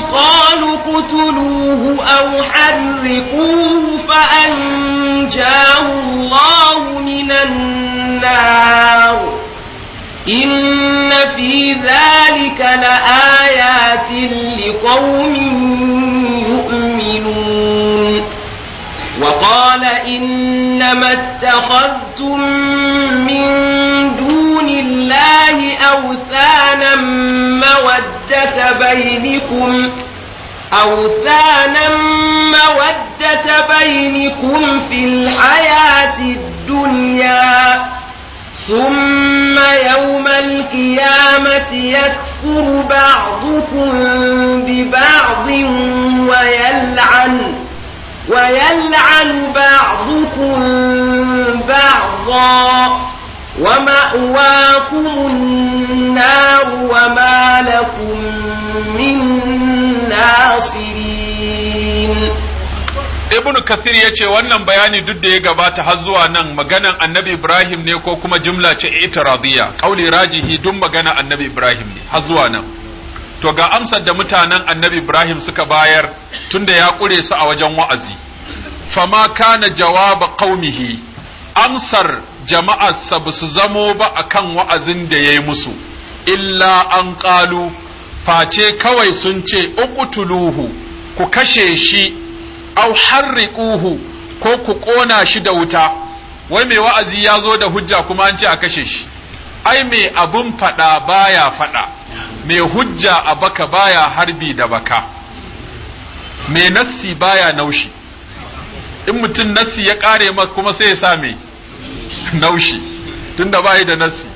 قالوا اقتلوه أو حرقوه فأنجاه الله من النار إن في ذلك لآيات لقوم يؤمنون وقال إنما اتخذتم من الله أوثانا مودة بينكم أوثانا مودة بينكم في الحياة الدنيا ثم يوم القيامة يكفر بعضكم ببعض ويلعن ويلعن بعضكم بعضا ومأواكم النار وما لكم من ناصرين ibn kasir ya ce wannan bayani duk da ya gabata har zuwa nan maganan annabi ibrahim ne ko kuma jumla ce itiradiyya kauli rajihi duk magana annabi ibrahim ne har zuwa nan to ga amsar da mutanen annabi ibrahim suka bayar tunda ya ƙure su a wajen wa'azi fama kana jawaba qaumihi amsar jama'arsa ba su zamo ba akan wa'azin da ya yi musu illa an ƙalu face kawai sun ce uqtuluhu ku kashe shi au harriquhu ko ku ƙona shi da wuta wai mai wa'azi ya zo da hujja kuma an ce a kashe shi ai mai abun faɗa baya faɗa mai hujja a baka baya harbi da baka mai nassi baya naushi in mutum nassi ya ƙare kuma sai ya sa naushi tunda bai da nasi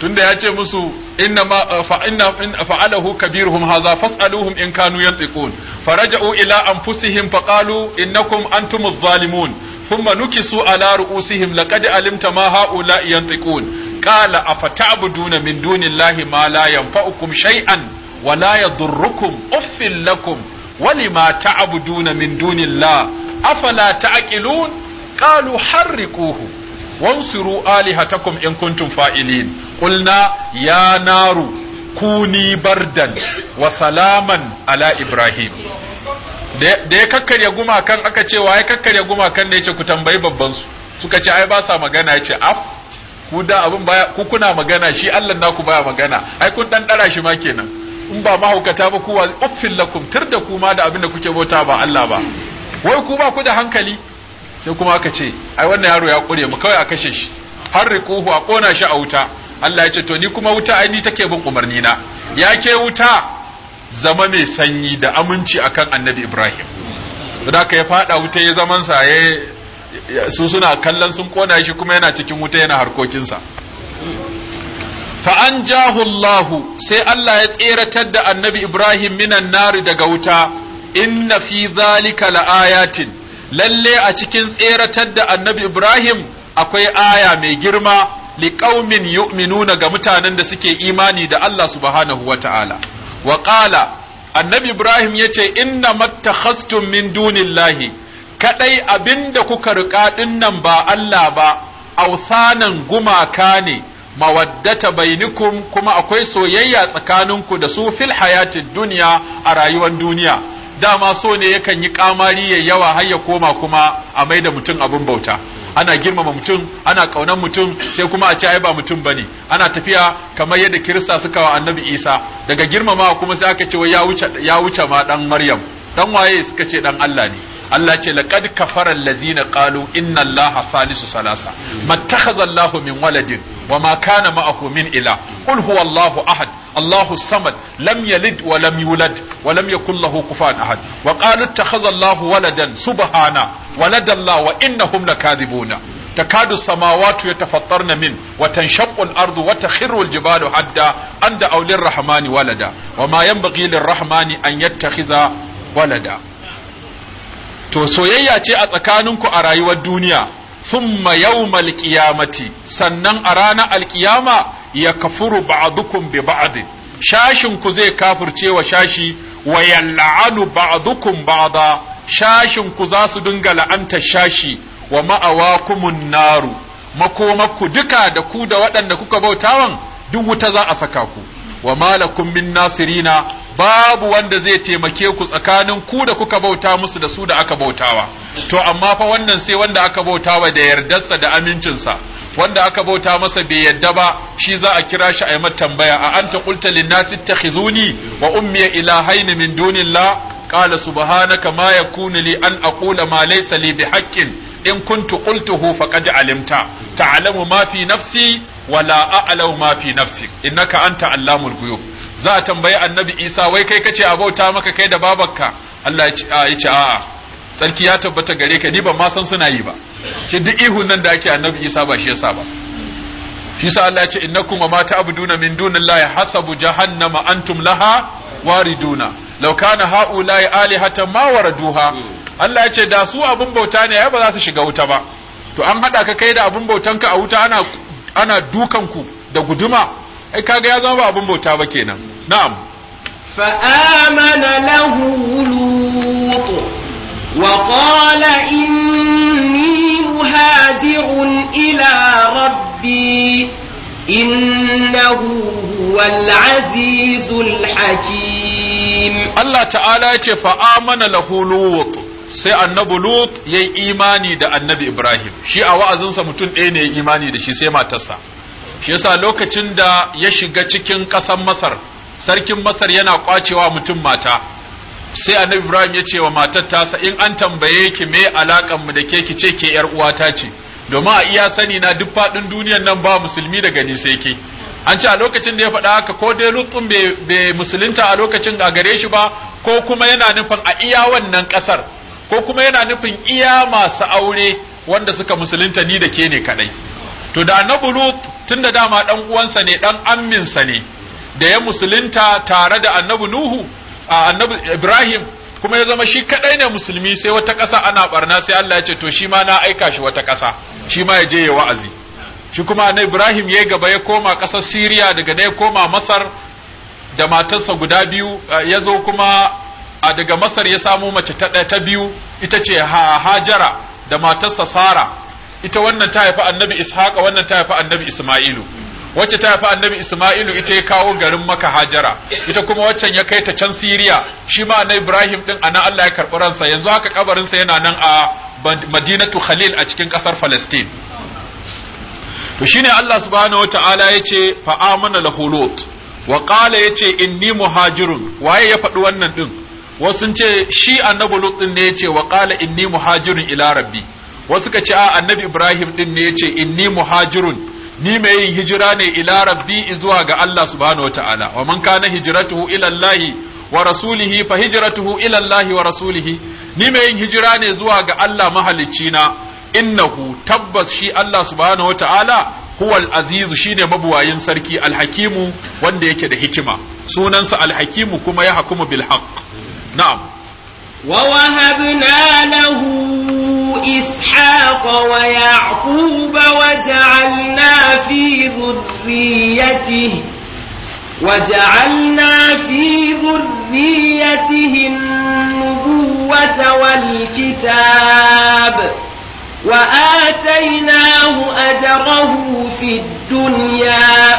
tunda ya ce musu inna ma eh, fa inna in fa'alahu kabiruhum hadha fas'aluhum in kanu yantiqun faraja'u ila anfusihim faqalu innakum antumuz zalimun thumma nukisu ala ru'usihim laqad alimta ma haula yantiqun qala afata'buduna min dunillahi ma la yanfa'ukum shay'an wa la yadurrukum uffil lakum ولما تعبدون من دون الله أفلا تعقلون قالوا حرقوه wansuru alihatakum in kuntum fa'ilin qulna ya naru kuni bardan wa salaman ala ibrahim da ya kakkarya gumakan aka ce wa ya kakkarya gumakan ne yace ku tambayi babban su suka ce ai ba sa magana yace af ku da abun baya ku kuna magana shi Allah naku baya magana ai kun dan dara shi ma kenan in ba mahaukata ba ku wa uffil lakum tirda ku ma da abin da kuke bauta ba Allah ba wai ku ba ku da hankali sai kuma aka ce ai wannan yaro ya kure mu kawai a kashe shi har rikuhu a kona shi a wuta Allah ya ce to ni kuma wuta ai ni take bin umarni na ya ke wuta zama mai sanyi da aminci akan annabi Ibrahim da ka ya fada wuta ya zaman sa ya su suna kallon sun kona shi kuma yana cikin wuta yana harkokin sa fa an jahullahu sai Allah ya tseratar da annabi Ibrahim minan nari daga wuta inna fi zalika laayatin lalle a cikin tseratar da annabi Ibrahim akwai aya mai girma liƙaumin yu'minuna ga mutanen da suke imani da Allah subhanahu wa ta'ala. Wa ƙala, annabi Ibrahim ya ce, Inna mattakhastum min dunillahi, kaɗai abinda da kuka riƙa ɗinnan ba Allah ba, ausanan gumaka ne, mawaddata bainikum kuma akwai soyayya tsakaninku da su fil hayatid duniya a rayuwar duniya. dama so ne yakan yi kamari ya yawa har ya koma kuma a mai da mutum abin bauta ana girmama mutum ana ƙaunan mutum sai kuma a ce ai ba mutum bane ana tafiya kamar yadda kirista suka wa annabi isa daga girmama kuma sai aka ce wai ya wuce ya wuce ma dan maryam dan waye suka ce dan Allah ne Allah ce laqad kafara allazina qalu inna allaha salisu salasa mattakhadha allahu min waladin wama kana ma'ahu min ila qul huwa allahu ahad allahu samad lam yalid wa lam yulad wa lam yakul lahu kufuwan ahad wa qalu ittakhadha allahu waladan subhana walada allah wa innahum lakadhibuna Watan السماوات arzu من وتنشق الأرض وتخر anda حدا rahmani walada. Wa ma وما ينبغي للرحمن أن يتخذ walada. to soyayya ce a tsakaninku a rayuwar duniya thumma yawmal qiyamati sannan a ranar alkiyama ya kafuru ba'dukum bi ba'd shashin ku zai kafirce wa shashi wa yal'anu ba'dukum ba'da shashin ku za su dinga la'anta shashi wa ma'awakumun naru makomakku duka da ku da waɗanda kuka bautawan duk wuta za a saka ku wa malakum min nasirina babu wanda zai taimake ku tsakanin ku da kuka bauta musu da su da aka bautawa to amma fa wannan sai wanda aka bautawa da yardarsa da amincinsa wanda aka bauta masa bai yadda ba shi za a kira shi a yi tambaya a anta qulta lin takhizuni wa ummi ilahaini min dunillah qala subhanaka ma yakunu li an aqula ma laysa li bihaqqin in kuntu qultuhu faqad alimta ta'lamu ma fi nafsi wa la a'lamu ma fi nafsi innaka anta allamul ghuyub za a tambayi annabi Isa wai kai kace abauta maka kai da babaka. Allah ya ce a'a sarki ya tabbata gare ka ni ban ma san suna yi ba shi duk ihun nan da ake annabi Isa ba shi yasa ba shi sa Allah ya ce innakum ma ta'buduna min dunillahi hasabu jahannama antum laha wariduna law kana haula'i alihata ma waraduha hmm. Allah ya ce da su abun bauta ne ai ba za su shiga wuta ba to an hada ka kai da abun ka a wuta ana ana dukan ku da guduma ai kaga ya zama ba abun bauta ba kenan na'am fa amana lahu lut qala inni muhajirun ila Rabbi. innahu huwal azizul hakim Allah ta'ala ya ce fa amana lahu sai annabi lut yayi imani da annabi ibrahim shi a wa'azinsa mutum ɗaya ne ya imani da shi sai matarsa shi yasa lokacin da ya shiga cikin ƙasar masar sarkin masar yana kwacewa mutum mata sai annabi ibrahim ya ce wa matar tasa in an tambaye ki me alakan mu da ke ki ce ke yar uwata ce domin a iya sani na duk fadin duniyar nan ba musulmi daga ni sai ke an ce a lokacin da ya faɗa haka ko dai lutsun bai musulunta a lokacin a gare shi ba ko kuma yana nufin a iya wannan kasar ko kuma yana nufin iya masu aure wanda suka musulunta ni da ke ne kaɗai to da annabi lut tun da dama ɗan uwansa ne ɗan amminsa ne da ya musulunta tare da annabi nuhu annabi Ibrahim kuma ya zama shi kadai ne musulmi sai wata ƙasa ana barna sai Allah ya ce to shi ma na aika shi wata ƙasa shi ma ya je ya wa'azi shi kuma na Ibrahim ya gaba ya koma ƙasar Siriya daga da ya koma Masar da matarsa guda biyu ya zo kuma a daga Masar ya samo mace ta ɗaya ta biyu ita ce Hajara da matarsa Sara ita wannan ta haifi annabi Ishaqa wannan ta haifi annabi Isma'ilu wacce ta haifi annabi Isma'ilu ita ya kawo garin maka hajara ita kuma waccan ya kai ta can Siriya shi ma na Ibrahim din anan Allah ya karɓi ransa yanzu haka kabarinsa yana nan a Madinatu Khalil a cikin ƙasar Palestine to shine Allah subhanahu wata'ala ya ce fa amana lahu lut wa qala yace inni muhajirun waye ya faɗi wannan din wasu ce shi annabi lut din ne yace wa qala inni muhajirun ila rabbi wasu ka ce a annabi Ibrahim din ne yace inni muhajirun ni mai yin hijira ne ila rabbi zuwa ga Allah subhanahu wataala wa man kana hijratuhu ila Allah wa rasulihi fa hijratuhu ila Allah wa rasulihi ni mai yin hijira ne zuwa ga Allah mahalicci na innahu tabbas shi Allah subhanahu wataala huwal azizu shine mabuwayin sarki alhakimu wanda yake da hikima sunansa alhakimu kuma ya hakuma bil haqq na'am wa wahabna lahu إسحاق ويعقوب وجعلنا في ذريته وجعلنا في ذريته النبوة والكتاب وآتيناه أجره في الدنيا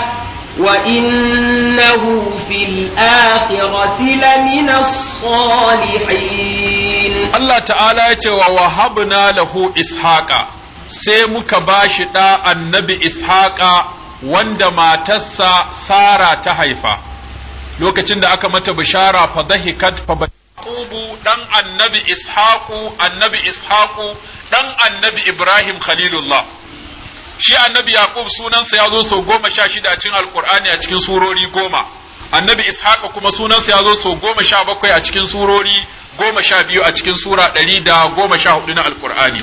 وإنه في الآخرة لمن الصالحين الله تعالى ووهبنا له إسحاق سيمك ɗa النبي إسحاق wanda matarsa Sara ta haifa, lokacin da aka mata bishara fa dahikat fa Yaqubu dan annabi ishaƙu annabi ishaƙu dan annabi Ibrahim Khalilullah. shi annabi yaqub sunansa ya zo sau goma sha shida cikin alqur'ani a cikin surori goma annabi ishaqa kuma sunansa ya zo sau goma sha bakwai a cikin surori goma sha biyu a cikin sura ɗari da goma sha hudu na alqur'ani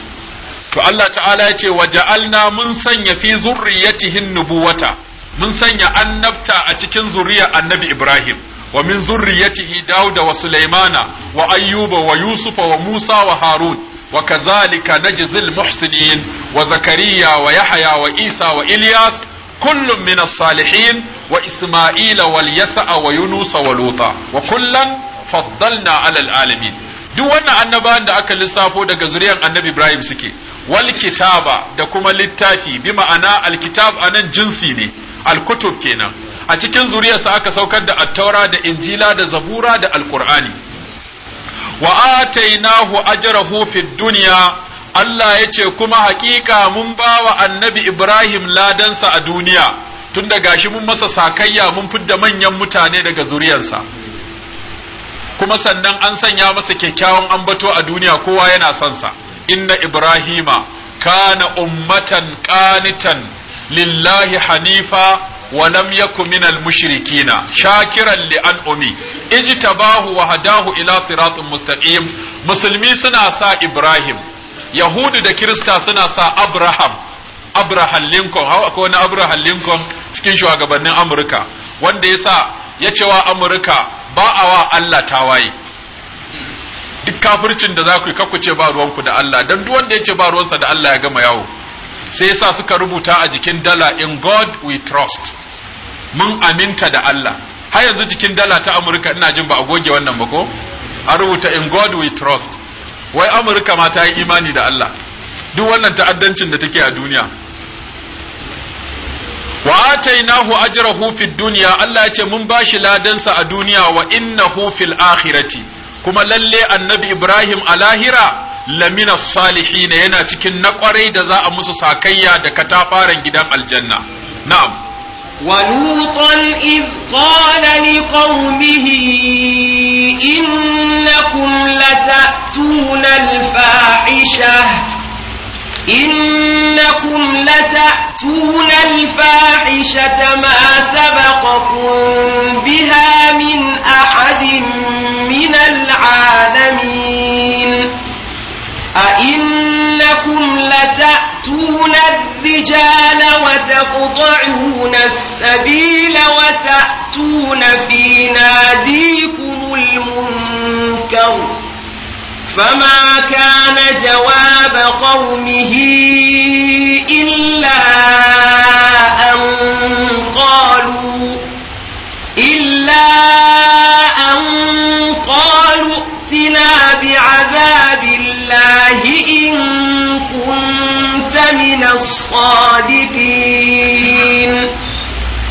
to Allah ta'ala ya ce wa ja'alna mun sanya fi zurriyatihin nubuwata mun sanya annabta a cikin zuriya annabi Ibrahim wa min zurriyatihi Dawuda wa Sulaimana wa Ayyuba wa Yusufa wa Musa wa Harun Wa wa wa kazalika Zakariya وكذلك نجزي المحسنين وزكريا ويحيى وإيسى وإلياس كل من الصالحين وإسماعيل walota? Wa ولوطا وكلا na alal العالمين duk wannan annabawan da aka lissafo daga zuriyar annabi Ibrahim suke wal kitaba da kuma littafi bi ma'ana alkitab anan jinsi ne alkutub kenan a cikin zuriyarsa aka saukar da attaura da injila da zabura da alqur'ani wa atainahu ajrahu fid dunya Allah yace kuma hakika mun bawa annabi Ibrahim ladansa a duniya tun da gashi mun masa sakayya mun fidda manyan mutane daga zuriyarsa kuma sannan an sanya masa kyakkyawan ambato a duniya kowa yana son sa inna Ibrahima kana ummatan qanitan lillahi hanifa wa lam yaku minal mushrikina shakiran li an'umi ijtabahu wa hadahu ila siratin mustaqim musulmi suna sa ibrahim yahudu da kirista suna sa abraham abraham lincoln hawa ko na abraham lincoln cikin shugabannin amurka wanda ya sa ya cewa amurka ba a wa allah tawaye duk kafircin da za ku yi kakku ce da allah don duk wanda ya ce ba ruwansa da allah ya gama yawo sai yasa suka rubuta a jikin dala in God we trust mun aminta da Allah har yanzu jikin dala ta Amurka ina jin ba a goge wannan ba ko a rubuta in God we trust wai Amurka ma ta yi imani da Allah duk wannan ta'addancin da take a duniya wa atainahu ajrahu fid dunya Allah ya ce mun bashi ladansa a duniya wa innahu fil akhirati kuma lalle annabi Ibrahim a lahira Laminas Salihina yana cikin naƙwarai da za a musu sakayya da katafaren gidan aljanna na'am wa lutan iz qala liqaumihi innakum latatuna alfahisha innakum latatuna alfahishata تأتون الرجال وتقطعون السبيل وتأتون في ناديكم المنكر فما كان جواب قومه إلا أن قالوا إلا أن قالوا ائتنا بعذاب الله إن كنتم لست من الصادقين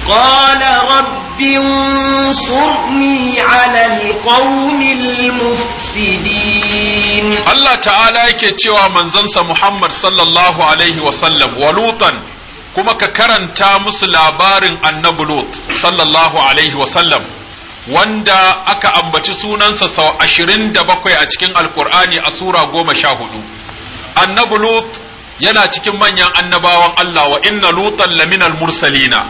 قال رب انصرني على القوم المفسدين الله تعالى yake cewa manzansa Muhammad sallallahu alaihi wa sallam walutan kuma ka karanta musu labarin annabi Lut sallallahu alaihi wa sallam wanda aka ambaci sunansa sau ashirin da bakwai a cikin alkur'ani a sura goma sha hudu annabi Lut yana cikin manyan annabawan Allah wa inna lutan laminal mursalina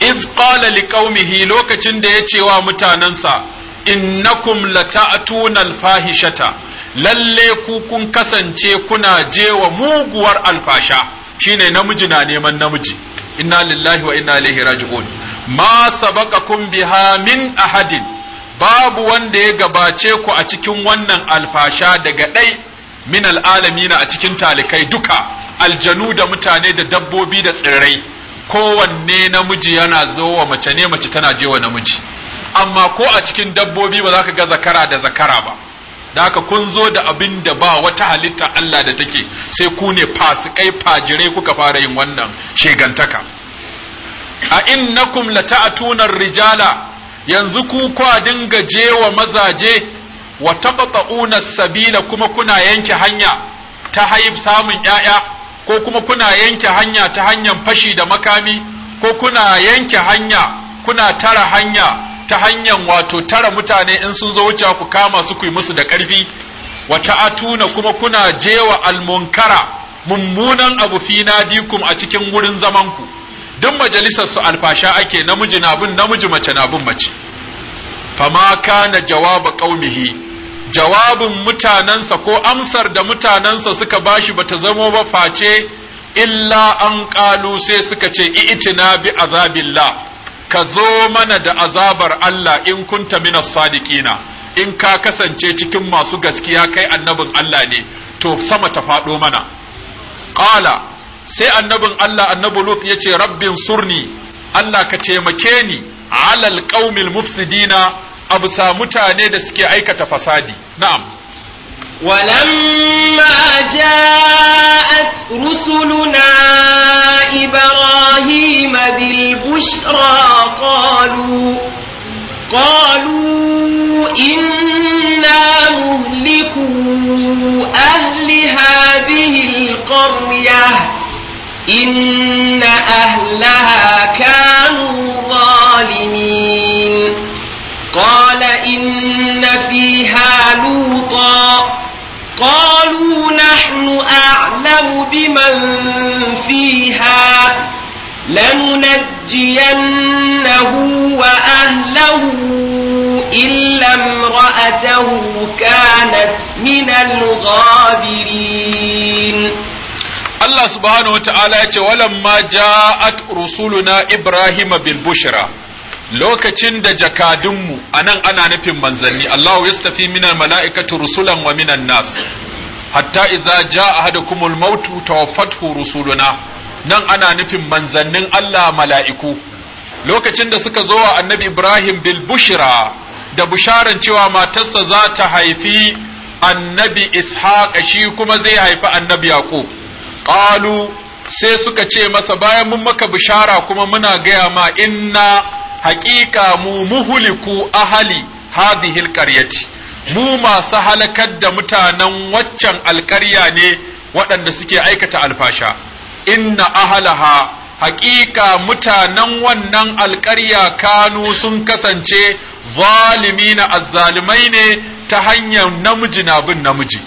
iz qala liqaumihi lokacin da ya cewa mutanansa innakum lata'tuna fahishata, lalle ku kun kasance kuna jewa muguwar alfasha shine namiji na neman namiji inna lillahi wa inna ilaihi raji'un ma sabaqakum biha min ahadin babu wanda ya gabace ku a cikin wannan alfasha daga ɗai min al'alamina a cikin talikai duka aljanu da mutane da dabbobi da tsirrai kowanne namiji yana zo wa mace ne mace tana je wa namiji amma ko a cikin dabbobi ba za ka ga zakara da zakara ba da haka kun zo da abin da ba wata halitta Allah da take sai ku ne fasikai fajirai kuka fara yin wannan shegantaka a innakum lata'tuna rijala yanzu ku kwa dinga je mazaje wa taqta'una sabila kuma kuna yanke hanya ta haib samun ‘ya'ya, ko kuma kuna yanke hanya ta hanyar fashi da makami, ko kuna yanke hanya, kuna tara hanya ta hanyar wato tara mutane in sun zo wuce ku kama su ku yi musu da ƙarfi, wata atuna kuma kuna jewa almunkara mummunan abu fi nadikum a cikin wurin ku duk majalisar su alfasha ake namiji na bin namiji mace na bin mace. Fama kana jawaba ƙaumihi jawabin mutanensa ko amsar da mutanensa suka bashi bata zamo ba face illa an ƙalu sai suka ce i'tina bi azabillah ka zo mana da azabar Allah in kunta minas sadiqina in ka kasance cikin masu gaskiya kai annabin Allah ne to sama ta faɗo mana qala sai annabin Allah annabi Lut yace rabbin surni Allah ka taimake ni alal qaumil mufsidina abu sa mutane da suke aikata fasadi na'am ولما جاءت رسلنا إبراهيم بالبشرى قالوا قالوا إنا مهلكوا أهل هذه القرية إن أهلها كانوا ظالمين قال إن فيها لوطا قالوا نحن أعلم بمن فيها لننجينه وأهله إلا امرأته كانت من الغابرين Allah subhanahu wa ta'ala ya ce, إبراهيم بالبشرى ja'at rusuluna Ibrahim bil bushra lokacin da jakadunmu a nan ana nufin manzanni Allahu ya stafi minan mala'ikatu rusulan wa minan nas hatta iza ja kumul mautu tawaffathu rusuluna nan ana nufin manzannin Allah mala'iku lokacin da suka zo wa annabi Ibrahim bil bushira da busharan cewa matarsa za ta haifi annabi Ishaq shi kuma zai haifi annabi Yaqub qalu sai suka ce masa bayan mun maka bishara kuma muna gaya ma inna haƙiƙa mu muhuliku ahali hadihil ƙaryati mu masu halakar da mutanen waccan alƙarya ne waɗanda suke aikata alfasha inna ahalaha haƙiƙa mutanen wannan alƙarya kanu sun kasance zalimi na azzalimai ne ta hanyar namiji na bin namiji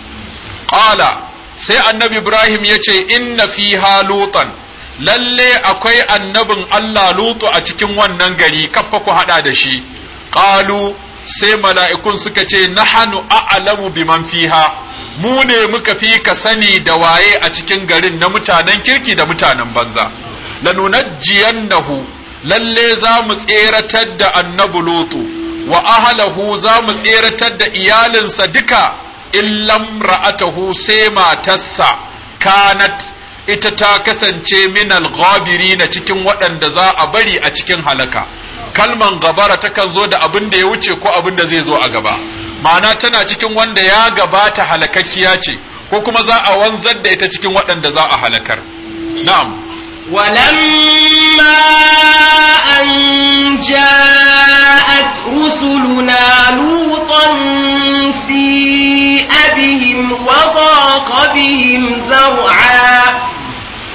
ƙala sai annabi ibrahim ya ce inna fi halutan lalle akwai annabin Allah lutu a cikin wannan gari kafa ku hada da shi qalu sai mala'ikun suka ce nahanu a'lamu biman fiha mu ne muka fi ka sani da waye a cikin garin na mutanen kirki da mutanen banza lanunajjiyannahu lalle za mu tseratar da annabi lutu wa ahlahu za mu tseratar da iyalinsa duka illam ra'atahu sai matarsa kanat ita ta kasance minal ghabiri na cikin waɗanda za a bari a cikin halaka kalman gabara takan zo da abin da ya wuce ko abin da zai zo a gaba ma'ana tana cikin wanda ya gabata halakakkiya ce ko kuma za a wanzar da ita cikin waɗanda za a halakar na'am walamma an ja'at rusuluna lutan بأبهم وضاق بهم ذرعا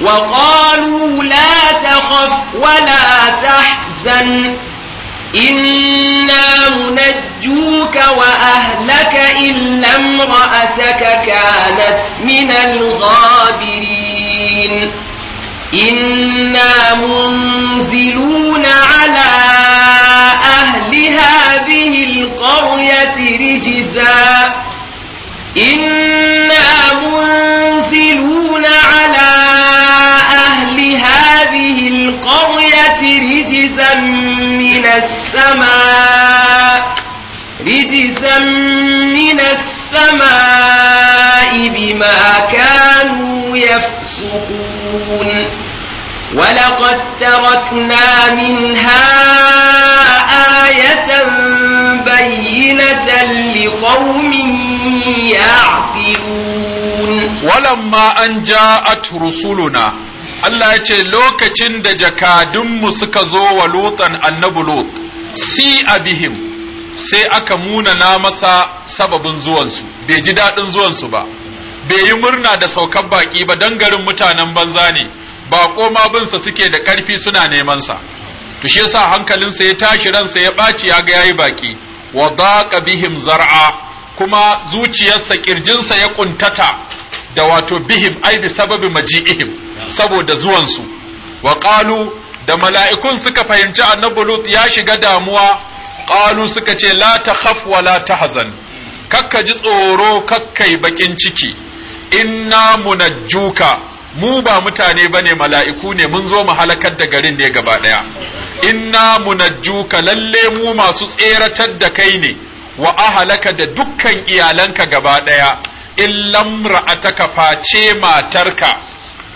وقالوا لا تخف ولا تحزن إنا منجوك وأهلك إلا امرأتك كانت من الغابرين إنا منزلون على أهل هذه القرية رجزاً إنا منزلون على أهل هذه القرية رجزا من السماء رجزا من السماء بما كانوا يفسقون ولقد تركنا منها آية بينة لقوم يعقلون ولما أن جاءت رسلنا Allah ya ce lokacin da jakadunmu suka zo wa Lutan annabi Lut, si abihim sai aka na masa sababin zuwansu, bai ji daɗin zuwansu ba, bai yi murna da saukar baƙi ba don garin mutanen banza ne, koma bin binsa suke da ƙarfi suna nemansa. To shi yasa hankalinsa ya tashi ransa ya ɓaci ya ga yayi baƙi, wa bihim zar'a kuma zuciyarsa kirjinsa ya kuntata da wato bihim ai bi sababi maji'ihim saboda zuwansu wa qalu da mala'ikun suka fahimci annabi lut ya shiga damuwa qalu suka ce la takhaf wa la tahzan kakka ji tsoro kakkai bakin ciki inna munajjuka mu ba mutane bane mala'iku ne mun zo mu halakar da garin ne gaba daya inna munajjuka lalle mu masu tseratar da kai ne wa ahalaka da dukkan iyalanka gaba ɗaya a ra'ataka face matarka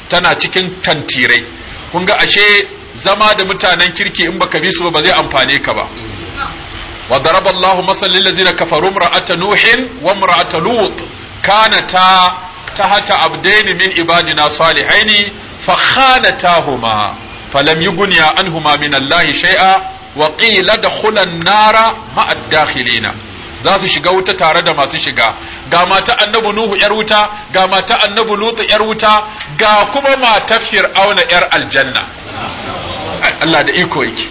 tana cikin tantirai kun ga ashe zama da mutanen kirki in baka bi su ba zai amfane ka ba wa daraba Allah masal lil ladzina kafaru mura'ata nuhin wa imra'ata lut ta hata abdaini min ibadina salihaini fa khanatahuma gunya an anhuma min Allah shai'a, wa qila dakhulan nara ma'a dakhilina za su shiga wuta tare da masu shiga ga mata annabi nuhu yar wuta ga mata annabi lutu yar wuta ga kuma matar fir'auna yar aljanna Allah da iko yake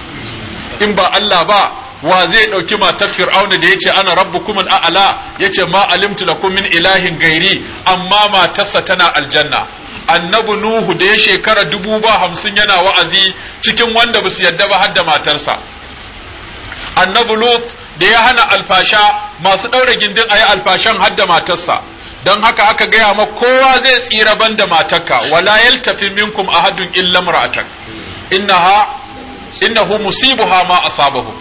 in ba Allah ba wa zai dauki matar fir'auna da yace ana rabbukum a'la yace ma alimtu lakum min ilahin gairi amma matarsa tana aljanna annabi nuhu da ya shekara dubu ba hamsin yana wa'azi cikin wanda ba su yadda ba har da matarsa annabi lut da ya hana alfasha masu ɗaure gindin a yi alfashan hadda matarsa don haka aka gaya ma kowa zai tsira ban da matarka wala tafi minkum ahadun illa imra'atak innaha innahu ha ma asabahu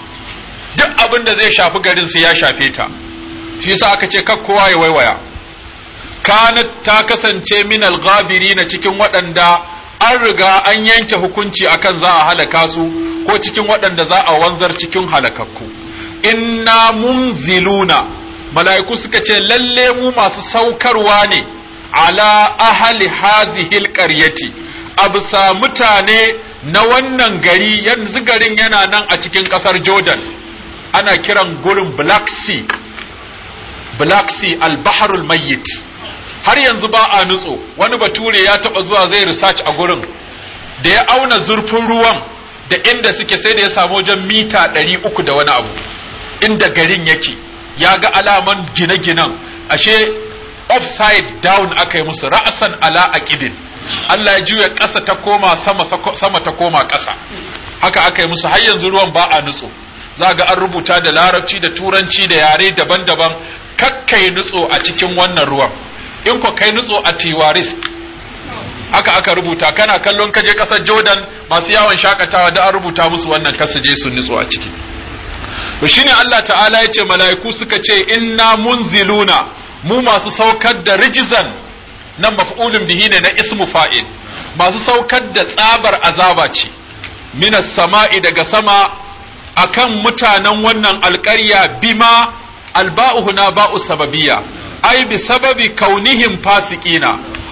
duk abin da zai shafi garin su ya shafe ta shi sa aka ce kar kowa ya waiwaya kana ta kasance min na cikin waɗanda an riga an yanke hukunci akan za a halaka su ko cikin waɗanda za a wanzar cikin halakakku inna munziluna mala'iku suka ce lalle mu masu saukarwa ne ala ahli hazihil Abu absa mutane na wannan gari yanzu garin yana nan a cikin ƙasar Jordan ana kiran gurin Black Sea Black Sea al-Bahrul Mayyit har yanzu ba a nutso wani bature ya taba zuwa zai research a gurin da ya auna zurfin ruwan da inda suke sai da ya samu wajen mita 300 da wani abu inda garin yake ya ga alaman gine-ginen ashe offside down aka yi musu ra'asan ala a kibin. Allah ya juya ƙasa ta koma sama sama ta koma ƙasa haka aka yi musu har yanzu ruwan ba a nutso za ga an rubuta da larabci da turanci da yare daban-daban kakkai nutso a cikin wannan ruwan in ko kai nutso a tiwaris haka aka rubuta kana kallon kaje ƙasar jordan masu yawon shakatawa da an rubuta musu wannan kasa je su nutso a ciki to shine Allah ta'ala ya ce mala'iku suka ce inna munziluna mu masu saukar da rijizan nan maf'ulun bihi ne na ismu fa'il masu saukar da tsabar azaba ce minas sama'i daga sama akan mutanen wannan alƙarya bima alba'u na ba'u sababiya. ai bi sababi kaunihim fasikina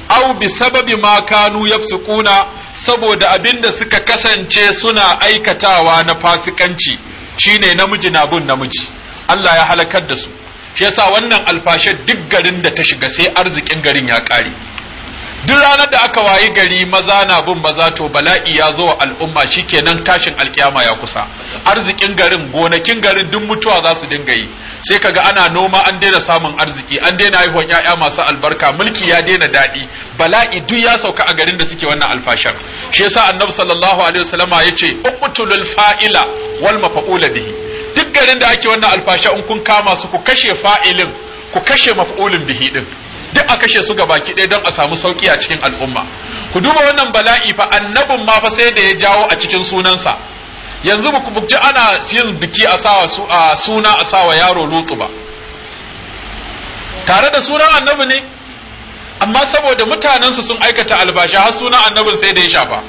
au bi sababi ma kanu yafsukuna saboda abinda suka kasance suna aikatawa na fasikanci Shi ne namiji na bin namiji Allah ya halakar da su shi yasa wannan alfashe duk garin da ta shiga sai arzikin garin ya kare duk ranar da aka wayi gari maza na bin maza to bala'i ya zo wa al'umma shikenan tashin alkiyama ya kusa arzikin garin gonakin garin duk mutuwa za su dinga yi sai kaga ana noma an daina samun arziki an daina haihuwar 'ya'ya masu albarka mulki ya daina daɗi bala'i duk ya sauka a garin da suke wannan alfashar shi yasa annabi sallallahu alaihi wasallama ce uqtulul fa'ila wal maf'ula bihi duk garin da ake wannan alfasha in kun kama su ku kashe fa'ilin ku kashe maf'ulin bihi din duk a kashe su baki ɗaya don a samu sauki a cikin al'umma ku duba wannan bala'i fa annabin ma fa sai da ya jawo a cikin sunansa yanzu ba ku ana yin biki a sawa suna a sawa yaro lutu ba tare da sunan annabi ne amma saboda mutanensu sun aikata albashi har sunan annabin sai da ya shafa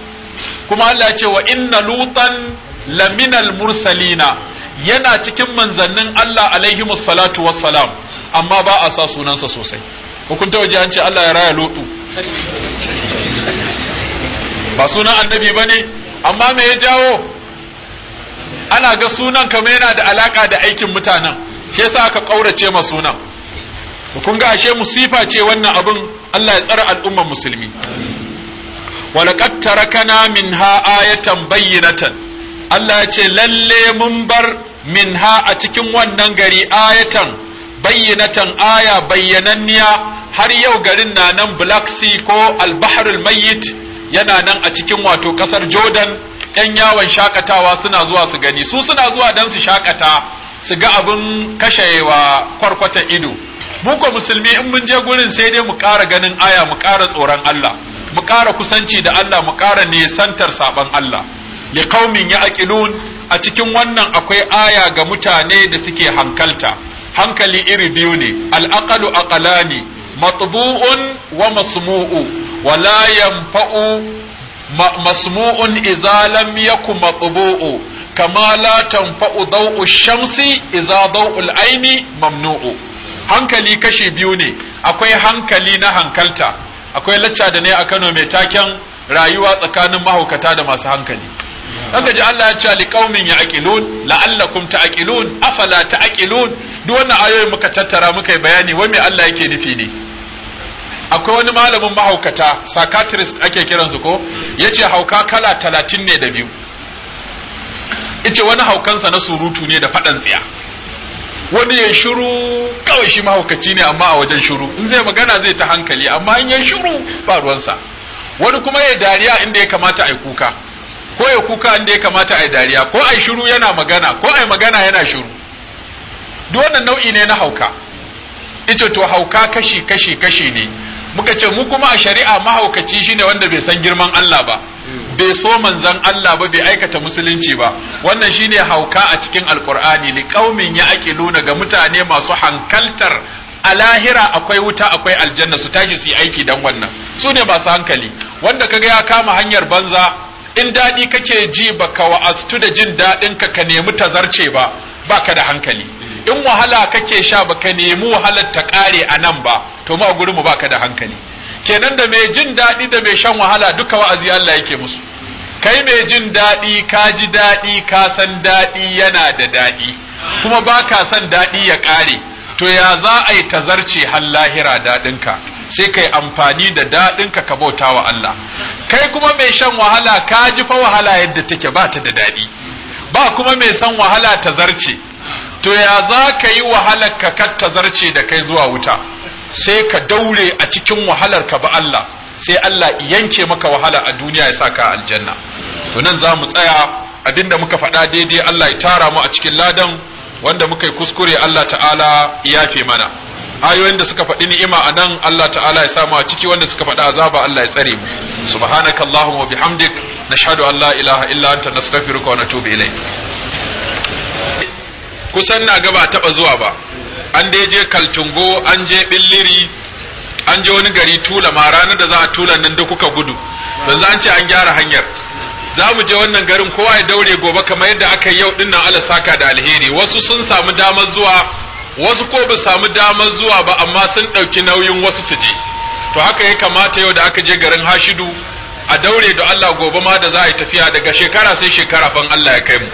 kuma Allah ya ce wa inna lutan laminal mursalina yana cikin manzannin Allah alaihi salatu wassalam amma ba a sa sunansa sosai hukunta waje an ce Allah ya raya lutu ba sunan annabi bane amma me ya jawo ana ga sunan kamar yana da alaka da aikin mutanen shi yasa aka kaurace ma sunan kun ga ashe musifa ce wannan abin Allah ya tsara al'umman musulmi walaqad tarakana minha ayatan bayyinatan Allah ya ce lalle mun bar minha a cikin wannan gari ayatan bayyinatan aya bayyananniya har yau garin na nan Black Sea ko al al Mayyit yana nan a cikin wato kasar Jordan 'yan yawon shakatawa suna zuwa su gani su suna zuwa don su shakata su ga abin kashewa kwarkwata ido muku musulmi in mun je gurin sai dai mu ƙara ganin aya mu ƙara tsoron Allah mu ƙara kusanci da Allah mu ƙara nesantar sabon Allah li ya ya'qilun a cikin wannan akwai aya ga mutane da suke hankalta hankali iri biyu ne al-aqalu aqalani matbu'un wa masmu'u wala masmu'un idza lam yakun matbu'u kama la tanfa'u daw'u shamsi idza daw'ul aini mamnu'u hankali kashi biyu ne akwai hankali na hankalta akwai lacca da ne a Kano mai taken rayuwa tsakanin mahaukata da masu hankali Haka ji Allah ya ce liqaumin aqilun la'allakum ta'qilun afala ta'qilun duk wannan ayoyi muka tattara muka yi bayani wai me Allah yake nufi ne akwai wani malamin mahaukata psychiatrist ake kiransu ko yace hauka kala talatin ne da biyu ice wani haukansa na surutu ne da faɗan tsiya wani ya shiru kawai shi mahaukaci ne amma a wajen shiru in zai magana zai ta hankali amma in ya shiru ba ruwansa wani kuma ya dariya inda ya kamata a kuka ko ya kuka inda ya kamata a dariya ko a shiru yana magana ko a magana yana shiru duk wannan nau'i ne na hauka ita to hauka kashi kashi kashi ne muka ce mu kuma a shari'a mahaukaci shine wanda bai san girman Allah ba hmm. bai so manzon Allah ba bai aikata musulunci ba wannan shine hauka a cikin alqur'ani li qaumin nuna ga mutane masu hankaltar a lahira akwai wuta akwai aljanna su tashi su yi aiki dan wannan su ne masu hankali wanda kaga ya kama hanyar banza in daɗi kake ji baka wa'astu da jin daɗin ka ka nemi tazarce ba baka da hankali in wahala kake sha baka nemi wahalar ta kare a nan ba to mu a gurin mu baka da hankali kenan da mai jin daɗi da mai shan wahala duka wa'azi Allah yake musu kai mai jin daɗi ka ji daɗi ka san daɗi yana da daɗi kuma baka son san daɗi ya kare. to ya za a yi tazarce har lahira ka. sai kai amfani da daɗinka ka bauta wa Allah kai kuma mai shan wahala ka ji fa wahala yadda take ba ta da daɗi ba kuma mai san wahala tazarce to ya za ka yi wahalar ka katta zarce da kai zuwa wuta sai ka daure a cikin wahalar ka ba Allah sai Allah yanke maka wahala a duniya ya saka aljanna to nan za mu tsaya abinda muka faɗa daidai Allah ya tara mu a cikin ladan wanda muka yi kuskure Allah ta'ala ya fi mana ayoyin da suka faɗi ni'ima a nan Allah ta'ala ya samu a ciki wanda suka faɗa azaba Allah ya tsare mu subhanakallahumma wa bihamdik nashhadu an la ilaha illa anta nastaghfiruka wa natubu ilayk kusan na ga ba taɓa zuwa ba an dai je kaltungo an je billiri an je wani gari tula ma ranar da za a tula nan da kuka gudu yanzu an ce an gyara hanyar za mu je wannan garin kowa ya daure gobe kamar yadda aka yau din nan ala saka da alheri wasu sun samu damar zuwa wasu ko ba samu damar zuwa ba amma sun ɗauki nauyin wasu su je to haka ya kamata yau da aka je garin hashidu a daure da Allah gobe ma da za a yi tafiya daga shekara sai shekara fan Allah ya kai mu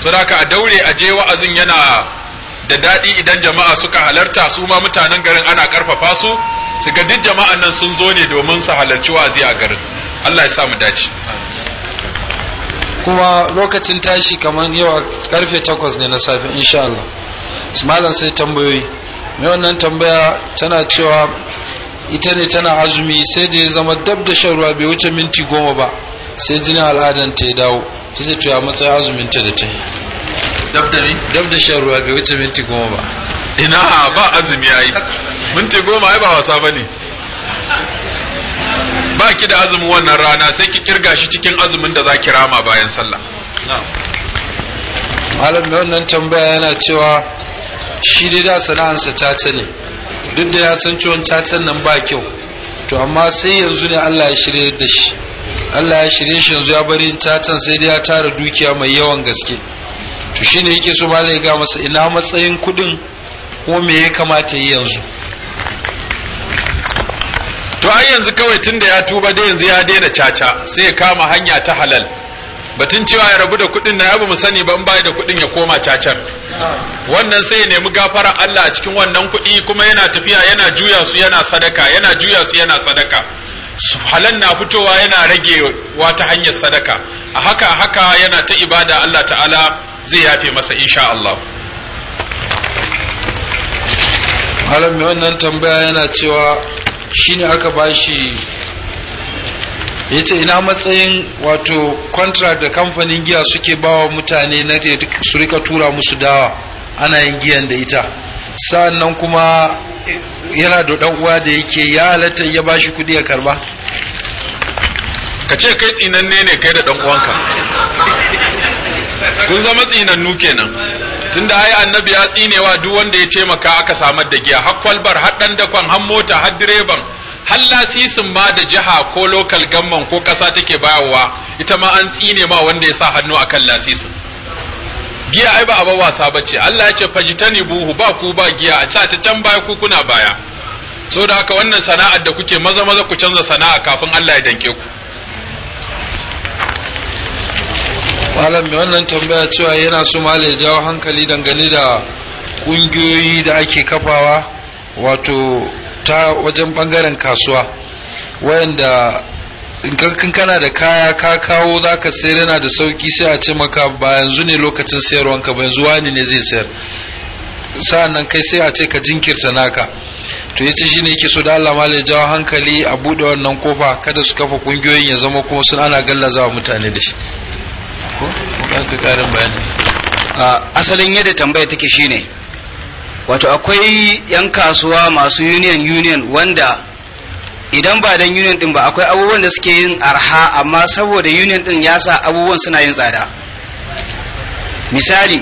so a daure a je wa'azin yana da daɗi idan jama'a suka halarta su ma mutanen garin ana ƙarfafa su su ga duk jama'an nan sun zo ne domin su halarci wa'azi a garin Allah ya sa mu dace kuma lokacin tashi kamar yawa karfe takwas ne na safe insha Allah malam sai tambayoyi mai wannan tambaya tana cewa ita ne tana azumi sai da ya zama dab da shan ruwa bai wuce minti goma ba sai jinin al'adanta ya dawo ta ce tuya matsayin azumin ta da ta dab da mi dab da shan ruwa bai wuce minti goma ba ina ba azumi yi minti goma ai ba wasa ba ne. ba ki da azumin wannan rana sai ki kirga shi cikin azumin da za ki rama bayan sallah malam mai wannan tambaya yana cewa shi dai da sana'ansa ta ne duk da ya san ciwon ta nan ba kyau to amma sai yanzu ne Allah ya shirye da shi Allah ya shirye shi yanzu ya bari tatan sai dai ya tara dukiya mai yawan gaske to shine yake so ba zai ga masa ina matsayin kudin ko me ya kamata yi yanzu to ai yanzu kawai tunda ya tuba dai yanzu ya daina caca sai ya kama hanya ta halal batun cewa ya rabu da kudin na yabu mu sani ban bai da kudin ya koma cacar wannan sai ya nemi gafara Allah a cikin wannan kudi kuma yana tafiya yana juya su yana sadaka yana juya su yana sadaka halal na fitowa yana rage wata hanyar sadaka a haka a haka yana ta ibada Allah ta'ala zai yafe masa insha Allah malam mai wannan tambaya yana cewa shine aka bashi ya ce ina matsayin wato contract da kamfanin giya suke bawa mutane na su rika tura musu dawa ana yin giyan da ita sa'an kuma yana da dan uwa da yake ya halatta ya bashi kuɗi ya karba ka ce kai tsinanne ne kai da dan uwanka kun zama tsinannu kenan tunda ai annabi ya tsinewa duk wanda ya taimaka aka samar da giya har kwalbar har dan dakon har mota har direban har lasisin ma da jiha ko lokal gamman ko ƙasa take bayarwa ita ma an tsine ma wanda ya sa hannu akan lasisin giya ai ba a ba wasa ba ce Allah ya ce buhu ba ku ba giya a sa ta can baya ku kuna baya so da haka wannan sana'ar da kuke maza maza ku canza sana'a kafin Allah ya danke ku malam mai wannan tambaya cewa yana so malam ya jawo hankali dangane da kungiyoyi da ake kafawa wato ta wajen bangaren kasuwa wayanda in kana da kaya ka kawo za ka sayar yana da sauki sai a ce maka ba yanzu ne lokacin sayarwanka ba yanzu wani ne zai sayar sa'an nan kai sai a ce ka jinkirta naka to yace shine yake so da Allah jawo hankali a bude wannan kofa kada su kafa kungiyoyin ya zama kuma sun ana gallaza wa mutane da shi ko ka karin bayani asalin yadda tambaya take shine wato akwai yan kasuwa masu union union wanda idan ba dan union din ba akwai abubuwan da suke yin arha amma saboda union din ya sa abubuwan suna yin tsada misali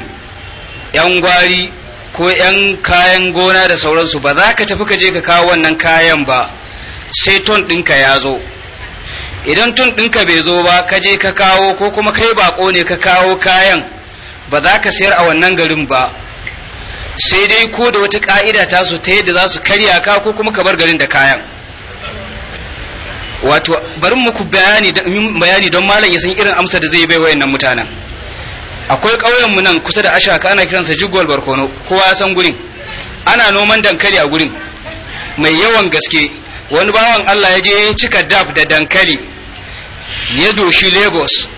yan gwari ko yan kayan gona da sauransu ba za ka tafi ka je ka kawo wannan kayan ba sai ton ɗinka ya zo idan ton ɗinka bai zo ba ka je ka kawo ko kuma kai bako ne ka kawo kayan ba za ka sayar a wannan garin ba sai dai ko da wata ka'ida ta su ta yadda za su karya ka ko kuma ka bar garin da kayan wato bari muku bayani don malam ya san irin amsa da zai yi bai wayannan mutanen akwai ƙauyen mu nan kusa da ashaka ana kiransa jigwal barkono kowa ya san gurin ana noman dankali a gurin mai yawan gaske wani bawan Allah ya je ya cika dab da dankali ya doshi Lagos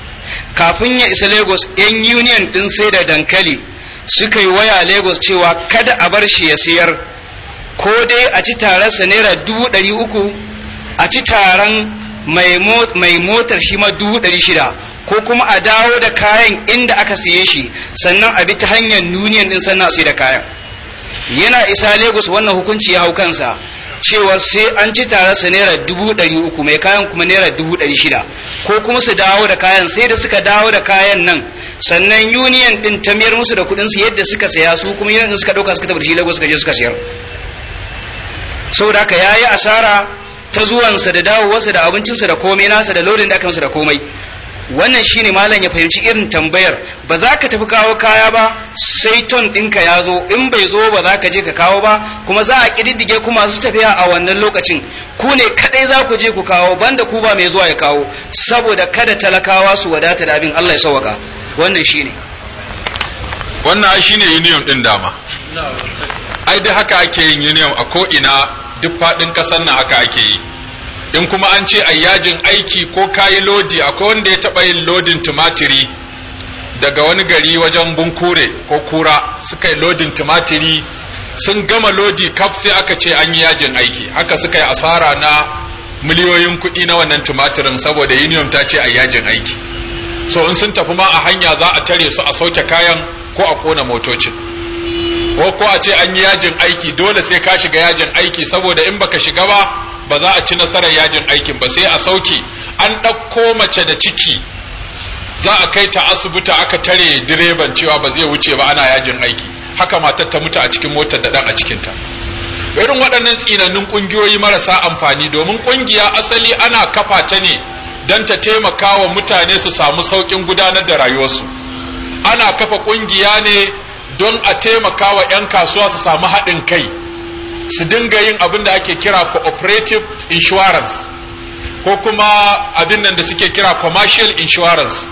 kafin ya isa Lagos yan union din sai da dankali suka yi waya Lagos cewa kada a bar shi ya siyar ko dai a ci tararsa naira dubu ɗari uku a ci taron mai motar shi ma dubu ɗari shida ko kuma a dawo da kayan inda aka siye shi sannan a bi ta hanyar nuniyan din sannan a sai da kayan yana isa lagos wannan hukunci ya hau kansa cewa sai an ci tare su naira dubu ɗari uku mai kayan kuma naira dubu ɗari shida ko kuma su dawo da kayan sai da suka dawo da kayan nan sannan union ɗin ta miyar musu da kuɗin su yadda suka saya su kuma yadda suka ɗauka suka tabbata shi lagos suka je suka sayar saboda haka yayi asara ta zuwansa da dawowarsa da abincinsa da komai nasa da lorin da da komai wannan shine malam ya fahimci irin tambayar ba za ka tafi kawo kaya ba sai ton ɗinka ya zo in bai zo ba za ka je ka kawo ba kuma za a ƙididdige ku masu tafiya a wannan lokacin ku ne kaɗai za ku je ku kawo banda ku ba mai zuwa ya kawo saboda kada talakawa su wadata da abin Allah ya sauwaka wannan shine wannan shine union din dama ai da haka ake yin union a ko ina duk faɗin ƙasar nan haka ake yi in kuma an ce a yajin aiki ko kayi lodi akwai wanda ya taɓa yin lodin tumatiri daga wani gari wajen bunkure ko kura suka yi lodin tumatiri sun gama lodi kaf sai aka ce an yi yajin aiki haka suka yi asara na miliyoyin kuɗi na wannan tumatirin saboda union ta ce a yajin aiki so in sun tafi ma a hanya za a tare su a sauke kayan ko a kona motocin ko ko a ce an yi yajin aiki dole sai ka shiga yajin aiki saboda in baka shiga ba ba za a ci nasarar yajin aikin ba sai a sauke an ɗauko mace da ciki za a kai ta asibiti aka tare direban cewa ba zai wuce ba ana yajin aiki haka matar ta mutu a cikin motar da ɗan a cikin ta. irin waɗannan tsinanin ƙungiyoyi marasa amfani domin ƙungiya asali ana kafa ta ne don ta taimaka wa mutane su samu sauƙin gudanar da rayuwarsu ana kafa ƙungiya ne don a taimaka wa 'yan kasuwa su samu haɗin kai su dinga yin abin da ake kira cooperative insurance ko kuma abin nan da suke kira commercial insurance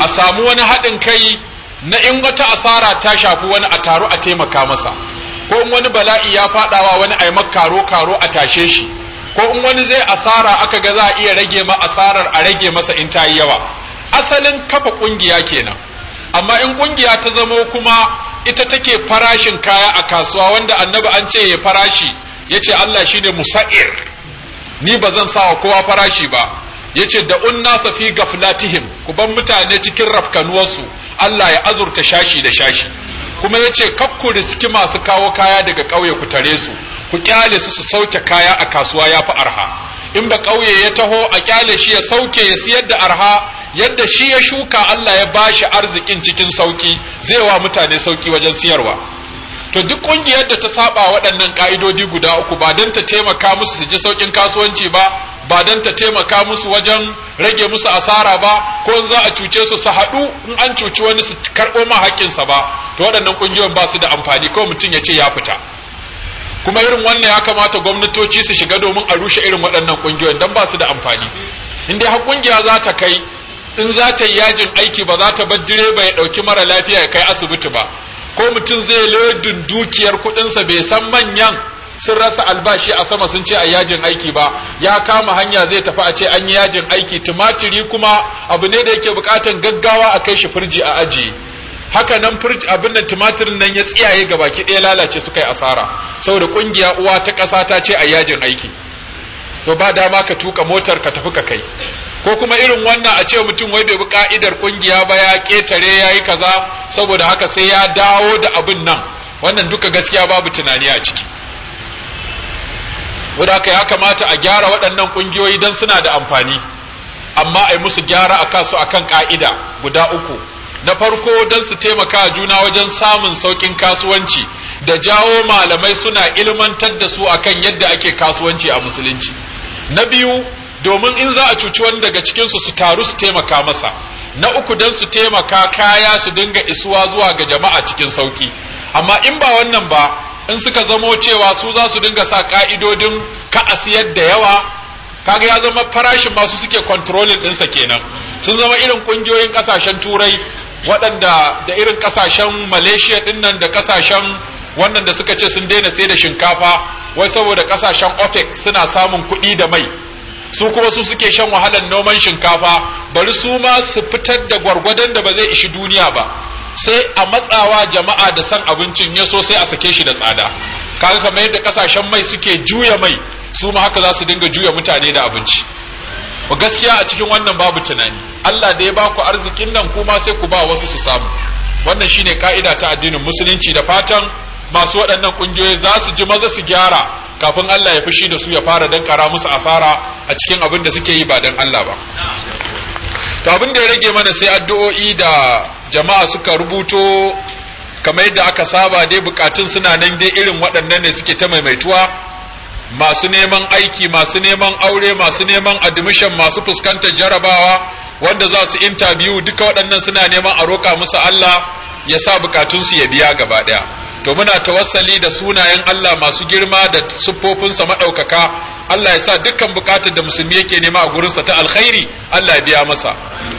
a samu wani haɗin kai na in wata asara ta shafi wani a taro a taimaka masa ko in wani bala'i ya faɗawa wani a karo karo a tashe shi ko in wani zai asara aka ga za a iya rage ma asarar a rage masa in ta yi yawa asalin kafa ƙungiya kenan amma in ƙungiya ta zamo kuma ita take farashin kaya a kasuwa wanda annabi an ce ya farashi yace Allah shine musa'ir ni ba zan sa kowa farashi ba yace da unnasa fi gaflatihim ku ban mutane cikin rafkanuwarsu Allah ya azurta shashi da shashi kuma yace kakku riski masu kawo kaya daga ƙauye ku tare su ku kyale su su sauke kaya a kasuwa yafi arha in ba ƙauye ya taho a kyale shi ya sauke ya siyar da arha yadda shi ya shuka Allah ya bashi arzikin cikin sauki zai wa mutane sauki wajen siyarwa to duk kungiyar da ta saba waɗannan ka'idodi guda uku ba don ta taimaka musu su ji saukin kasuwanci ba ba don ta taimaka musu wajen rage musu asara ba ko za a cuce su su haɗu in an cuci wani su karɓo ma haƙƙinsa ba to waɗannan ƙungiyoyin ba su da amfani ko mutum ya ce ya fita kuma irin wannan ya kamata gwamnatoci su shiga domin a rushe irin waɗannan ƙungiyoyin don ba su da amfani in dai har ƙungiya za ta kai in za ta yi yajin aiki ba za ta bar direba ya ɗauki mara lafiya ya kai asibiti ba ko mutum zai lodin dukiyar kuɗinsa bai san manyan sun rasa albashi a sama sun ce a yajin aiki ba ya kama hanya zai tafi a ce an yi yajin aiki tumatiri kuma abu ne da yake buƙatar gaggawa a kai shi firji a aji. haka nan abin nan tumatirin nan ya tsiyaye ga baki ɗaya lalace su yi asara saboda kungiya uwa ta ƙasa ta ce a yajin aiki to ba dama ka tuka motar ka tafi ka kai ko kuma irin wannan a ce mutum wai bai bi ka'idar kungiya ba ya ketare ya yi kaza saboda haka sai ya dawo da abin nan wannan duka gaskiya babu tunani a ciki wadda haka ya kamata a gyara waɗannan ƙungiyoyi don suna da amfani amma a yi musu gyara a kasu a kan ƙa'ida guda uku na farko don su taimaka juna wajen samun saukin kasuwanci da jawo malamai suna ilmantar da su akan yadda ake kasuwanci a musulunci na biyu domin in za a cuci wani daga cikinsu su taru su taimaka masa na uku don su taimaka kaya su dinga isuwa zuwa ga jama'a cikin sauki amma in ba wannan ba in suka zamo cewa su za su dinga sa ka'idodin ka a da yawa kaga ya zama farashin masu suke controlling ɗinsa kenan sun zama irin ƙungiyoyin ƙasashen turai waɗanda da irin ƙasashen malaysia ɗin da ƙasashen wannan da suka ce sun daina sai da shinkafa wai saboda ƙasashen opec suna samun kuɗi da mai su kuma su suke shan wahalar noman shinkafa bari su ma su fitar da gwargwadon da ba zai ishi duniya ba sai a matsawa jama'a da san abincin ya so sai a sake shi da tsada kaga kamar yadda kasashen mai suke juya mai su ma haka za su dinga juya mutane da abinci gaskiya a cikin wannan babu tunani Allah da ya ba ku arzikin nan kuma sai ku ba wasu su samu wannan shine ka'ida ta addinin musulunci da fatan masu waɗannan ƙungiyoyi za su ji maza su gyara kafin Allah ya fushi da su ya fara dankara musu asara a cikin abin da suke yi ba dan Allah ba to abin da ya rage mana sai addu'o'i da jama'a suka rubuto kamar yadda aka saba dai bukatun suna nan dai irin waɗannan ne suke ta maimaituwa masu neman aiki masu neman aure masu neman admission masu fuskantar jarabawa wanda za su interview duka waɗannan suna neman a roƙa musu Allah ya sa bukatunsu ya biya gaba ɗaya to muna tawassali da sunayen Allah masu girma da siffofinsa maɗaukaka Allah ya sa dukkan bukatun da musulmi yake nema a gurinsa ta alkhairi Allah ya biya masa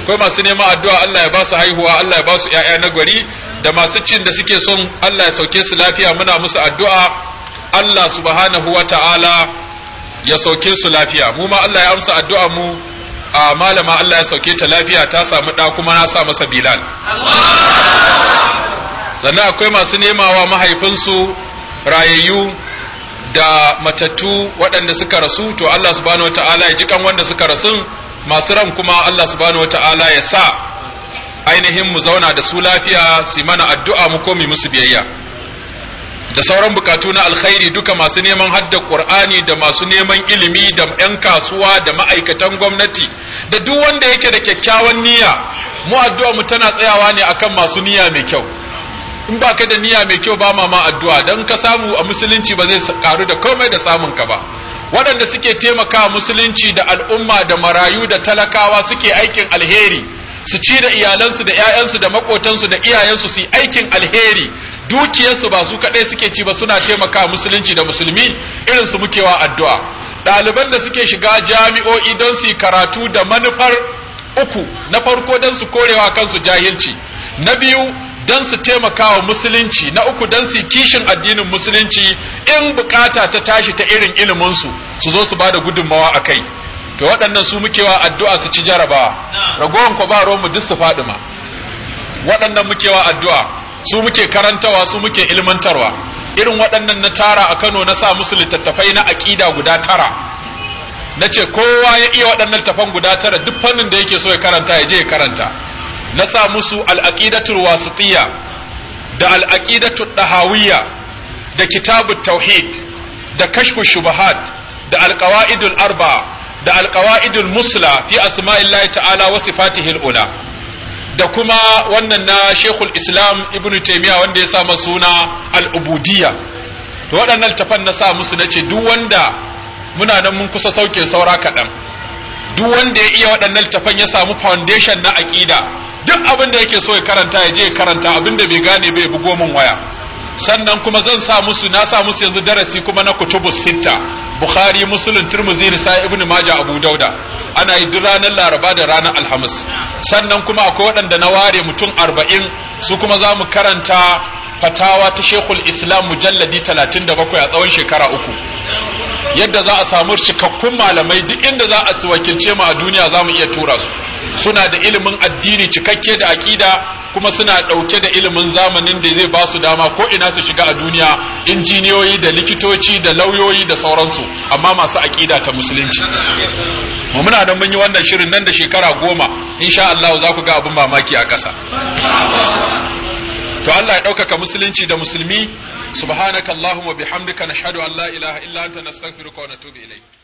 akwai masu nema addu'a Allah ya ba su haihuwa Allah ya ba su ƴaƴa na gwari da masu cin da suke son Allah ya sauke su lafiya muna musu addu'a Allah subhanahu wa ta'ala ya sauke su lafiya mu ma Allah ya amsa addu'a mu a malama Allah ya sauke ta lafiya ta samu ɗa kuma na sa masa bilal sannan akwai masu nemawa mahaifinsu rayayyu da matattu waɗanda suka rasu to Allah subhanahu ta'ala ya ji kan wanda suka rasu. masu ran kuma Allah subhanahu ta'ala ya sa ainihin mu zauna da su lafiya su mana addu'a mu komi musu biyayya da sauran bukatu na alkhairi duka masu neman hadda Qur'ani da masu neman ilimi da 'yan kasuwa da ma'aikatan gwamnati da duk wanda yake da kyakkyawan niyya mu addu'a mu tana tsayawa ne akan masu niyya mai kyau in ba ka da niyya mai kyau ba mama addu'a don ka samu a musulunci ba zai karu da komai da samun ka ba waɗanda suke taimaka musulunci da al'umma da marayu da talakawa suke aikin alheri su ci da iyalansu da 'ya'yansu da makotansu da iyayensu su yi aikin alheri dukiyarsu ba su kaɗai suke ci ba suna taimaka musulunci da musulmi irin su mukewa addu'a ɗaliban da suke shiga jami'o'i don su yi karatu da manufar uku na farko don su korewa kansu jahilci na biyu don su taimaka wa musulunci na uku don su kishin addinin musulunci in bukata ta tashi ta irin iliminsu su zo su bada gudunmawa a kai to waɗannan su muke wa addu'a su ci jarabawa ragowan ku ba mu duk su ma. waɗannan muke wa addu'a su muke karantawa su muke ilmantarwa irin waɗannan na tara a Kano na sa musu littattafai na aƙida guda tara na ce kowa ya iya waɗannan tafan guda tara duk fannin da yake so ya karanta ya je ya karanta na sa musu al'aqidatul wasitiyya da al'aqidatul dahawiyya da Kitabun tauhid da kashfu shubahat da alqawaidul arba da alqawaidul musla fi asma'illahi ta'ala wa sifatihil ula da kuma wannan na shekul Islam Ibn taimiyya wanda ya sa suna al-ubudiyya to waɗannan tafan na sa musu nace duk wanda muna nan mun kusa sauke saura kaɗan duk wanda ya iya waɗannan tafan ya samu foundation na aƙida duk abin da yake so ya karanta ya je ya karanta abin da bai gane bai bugo min waya sannan kuma zan sa musu na sa musu yanzu darasi kuma na kutubu sitta bukhari muslim tirmidhi nisa ibnu majah abu dauda ana yi duk ranar laraba da ranar alhamis sannan kuma akwai waɗanda na ware mutum arba'in su kuma za mu karanta fatawa ta shekul islam mujalladi 37 a tsawon shekara uku yadda za a samu cikakkun malamai duk inda za a wakilce mu a duniya za mu iya tura su suna da ilimin addini cikakke da aƙida kuma suna ɗauke da ilimin zamanin da zai ba su dama ko ina su shiga a duniya injiniyoyi da likitoci da lauyoyi da sauransu amma masu aƙida ta musulunci mu muna da mun yi wannan shirin nan da shekara goma insha Allah za ku ga abin mamaki a ƙasa to Allah ya ɗaukaka musulunci da musulmi subhanakallahumma bihamdika nashhadu an la ilaha illa anta nastaghfiruka wa natubu ilayk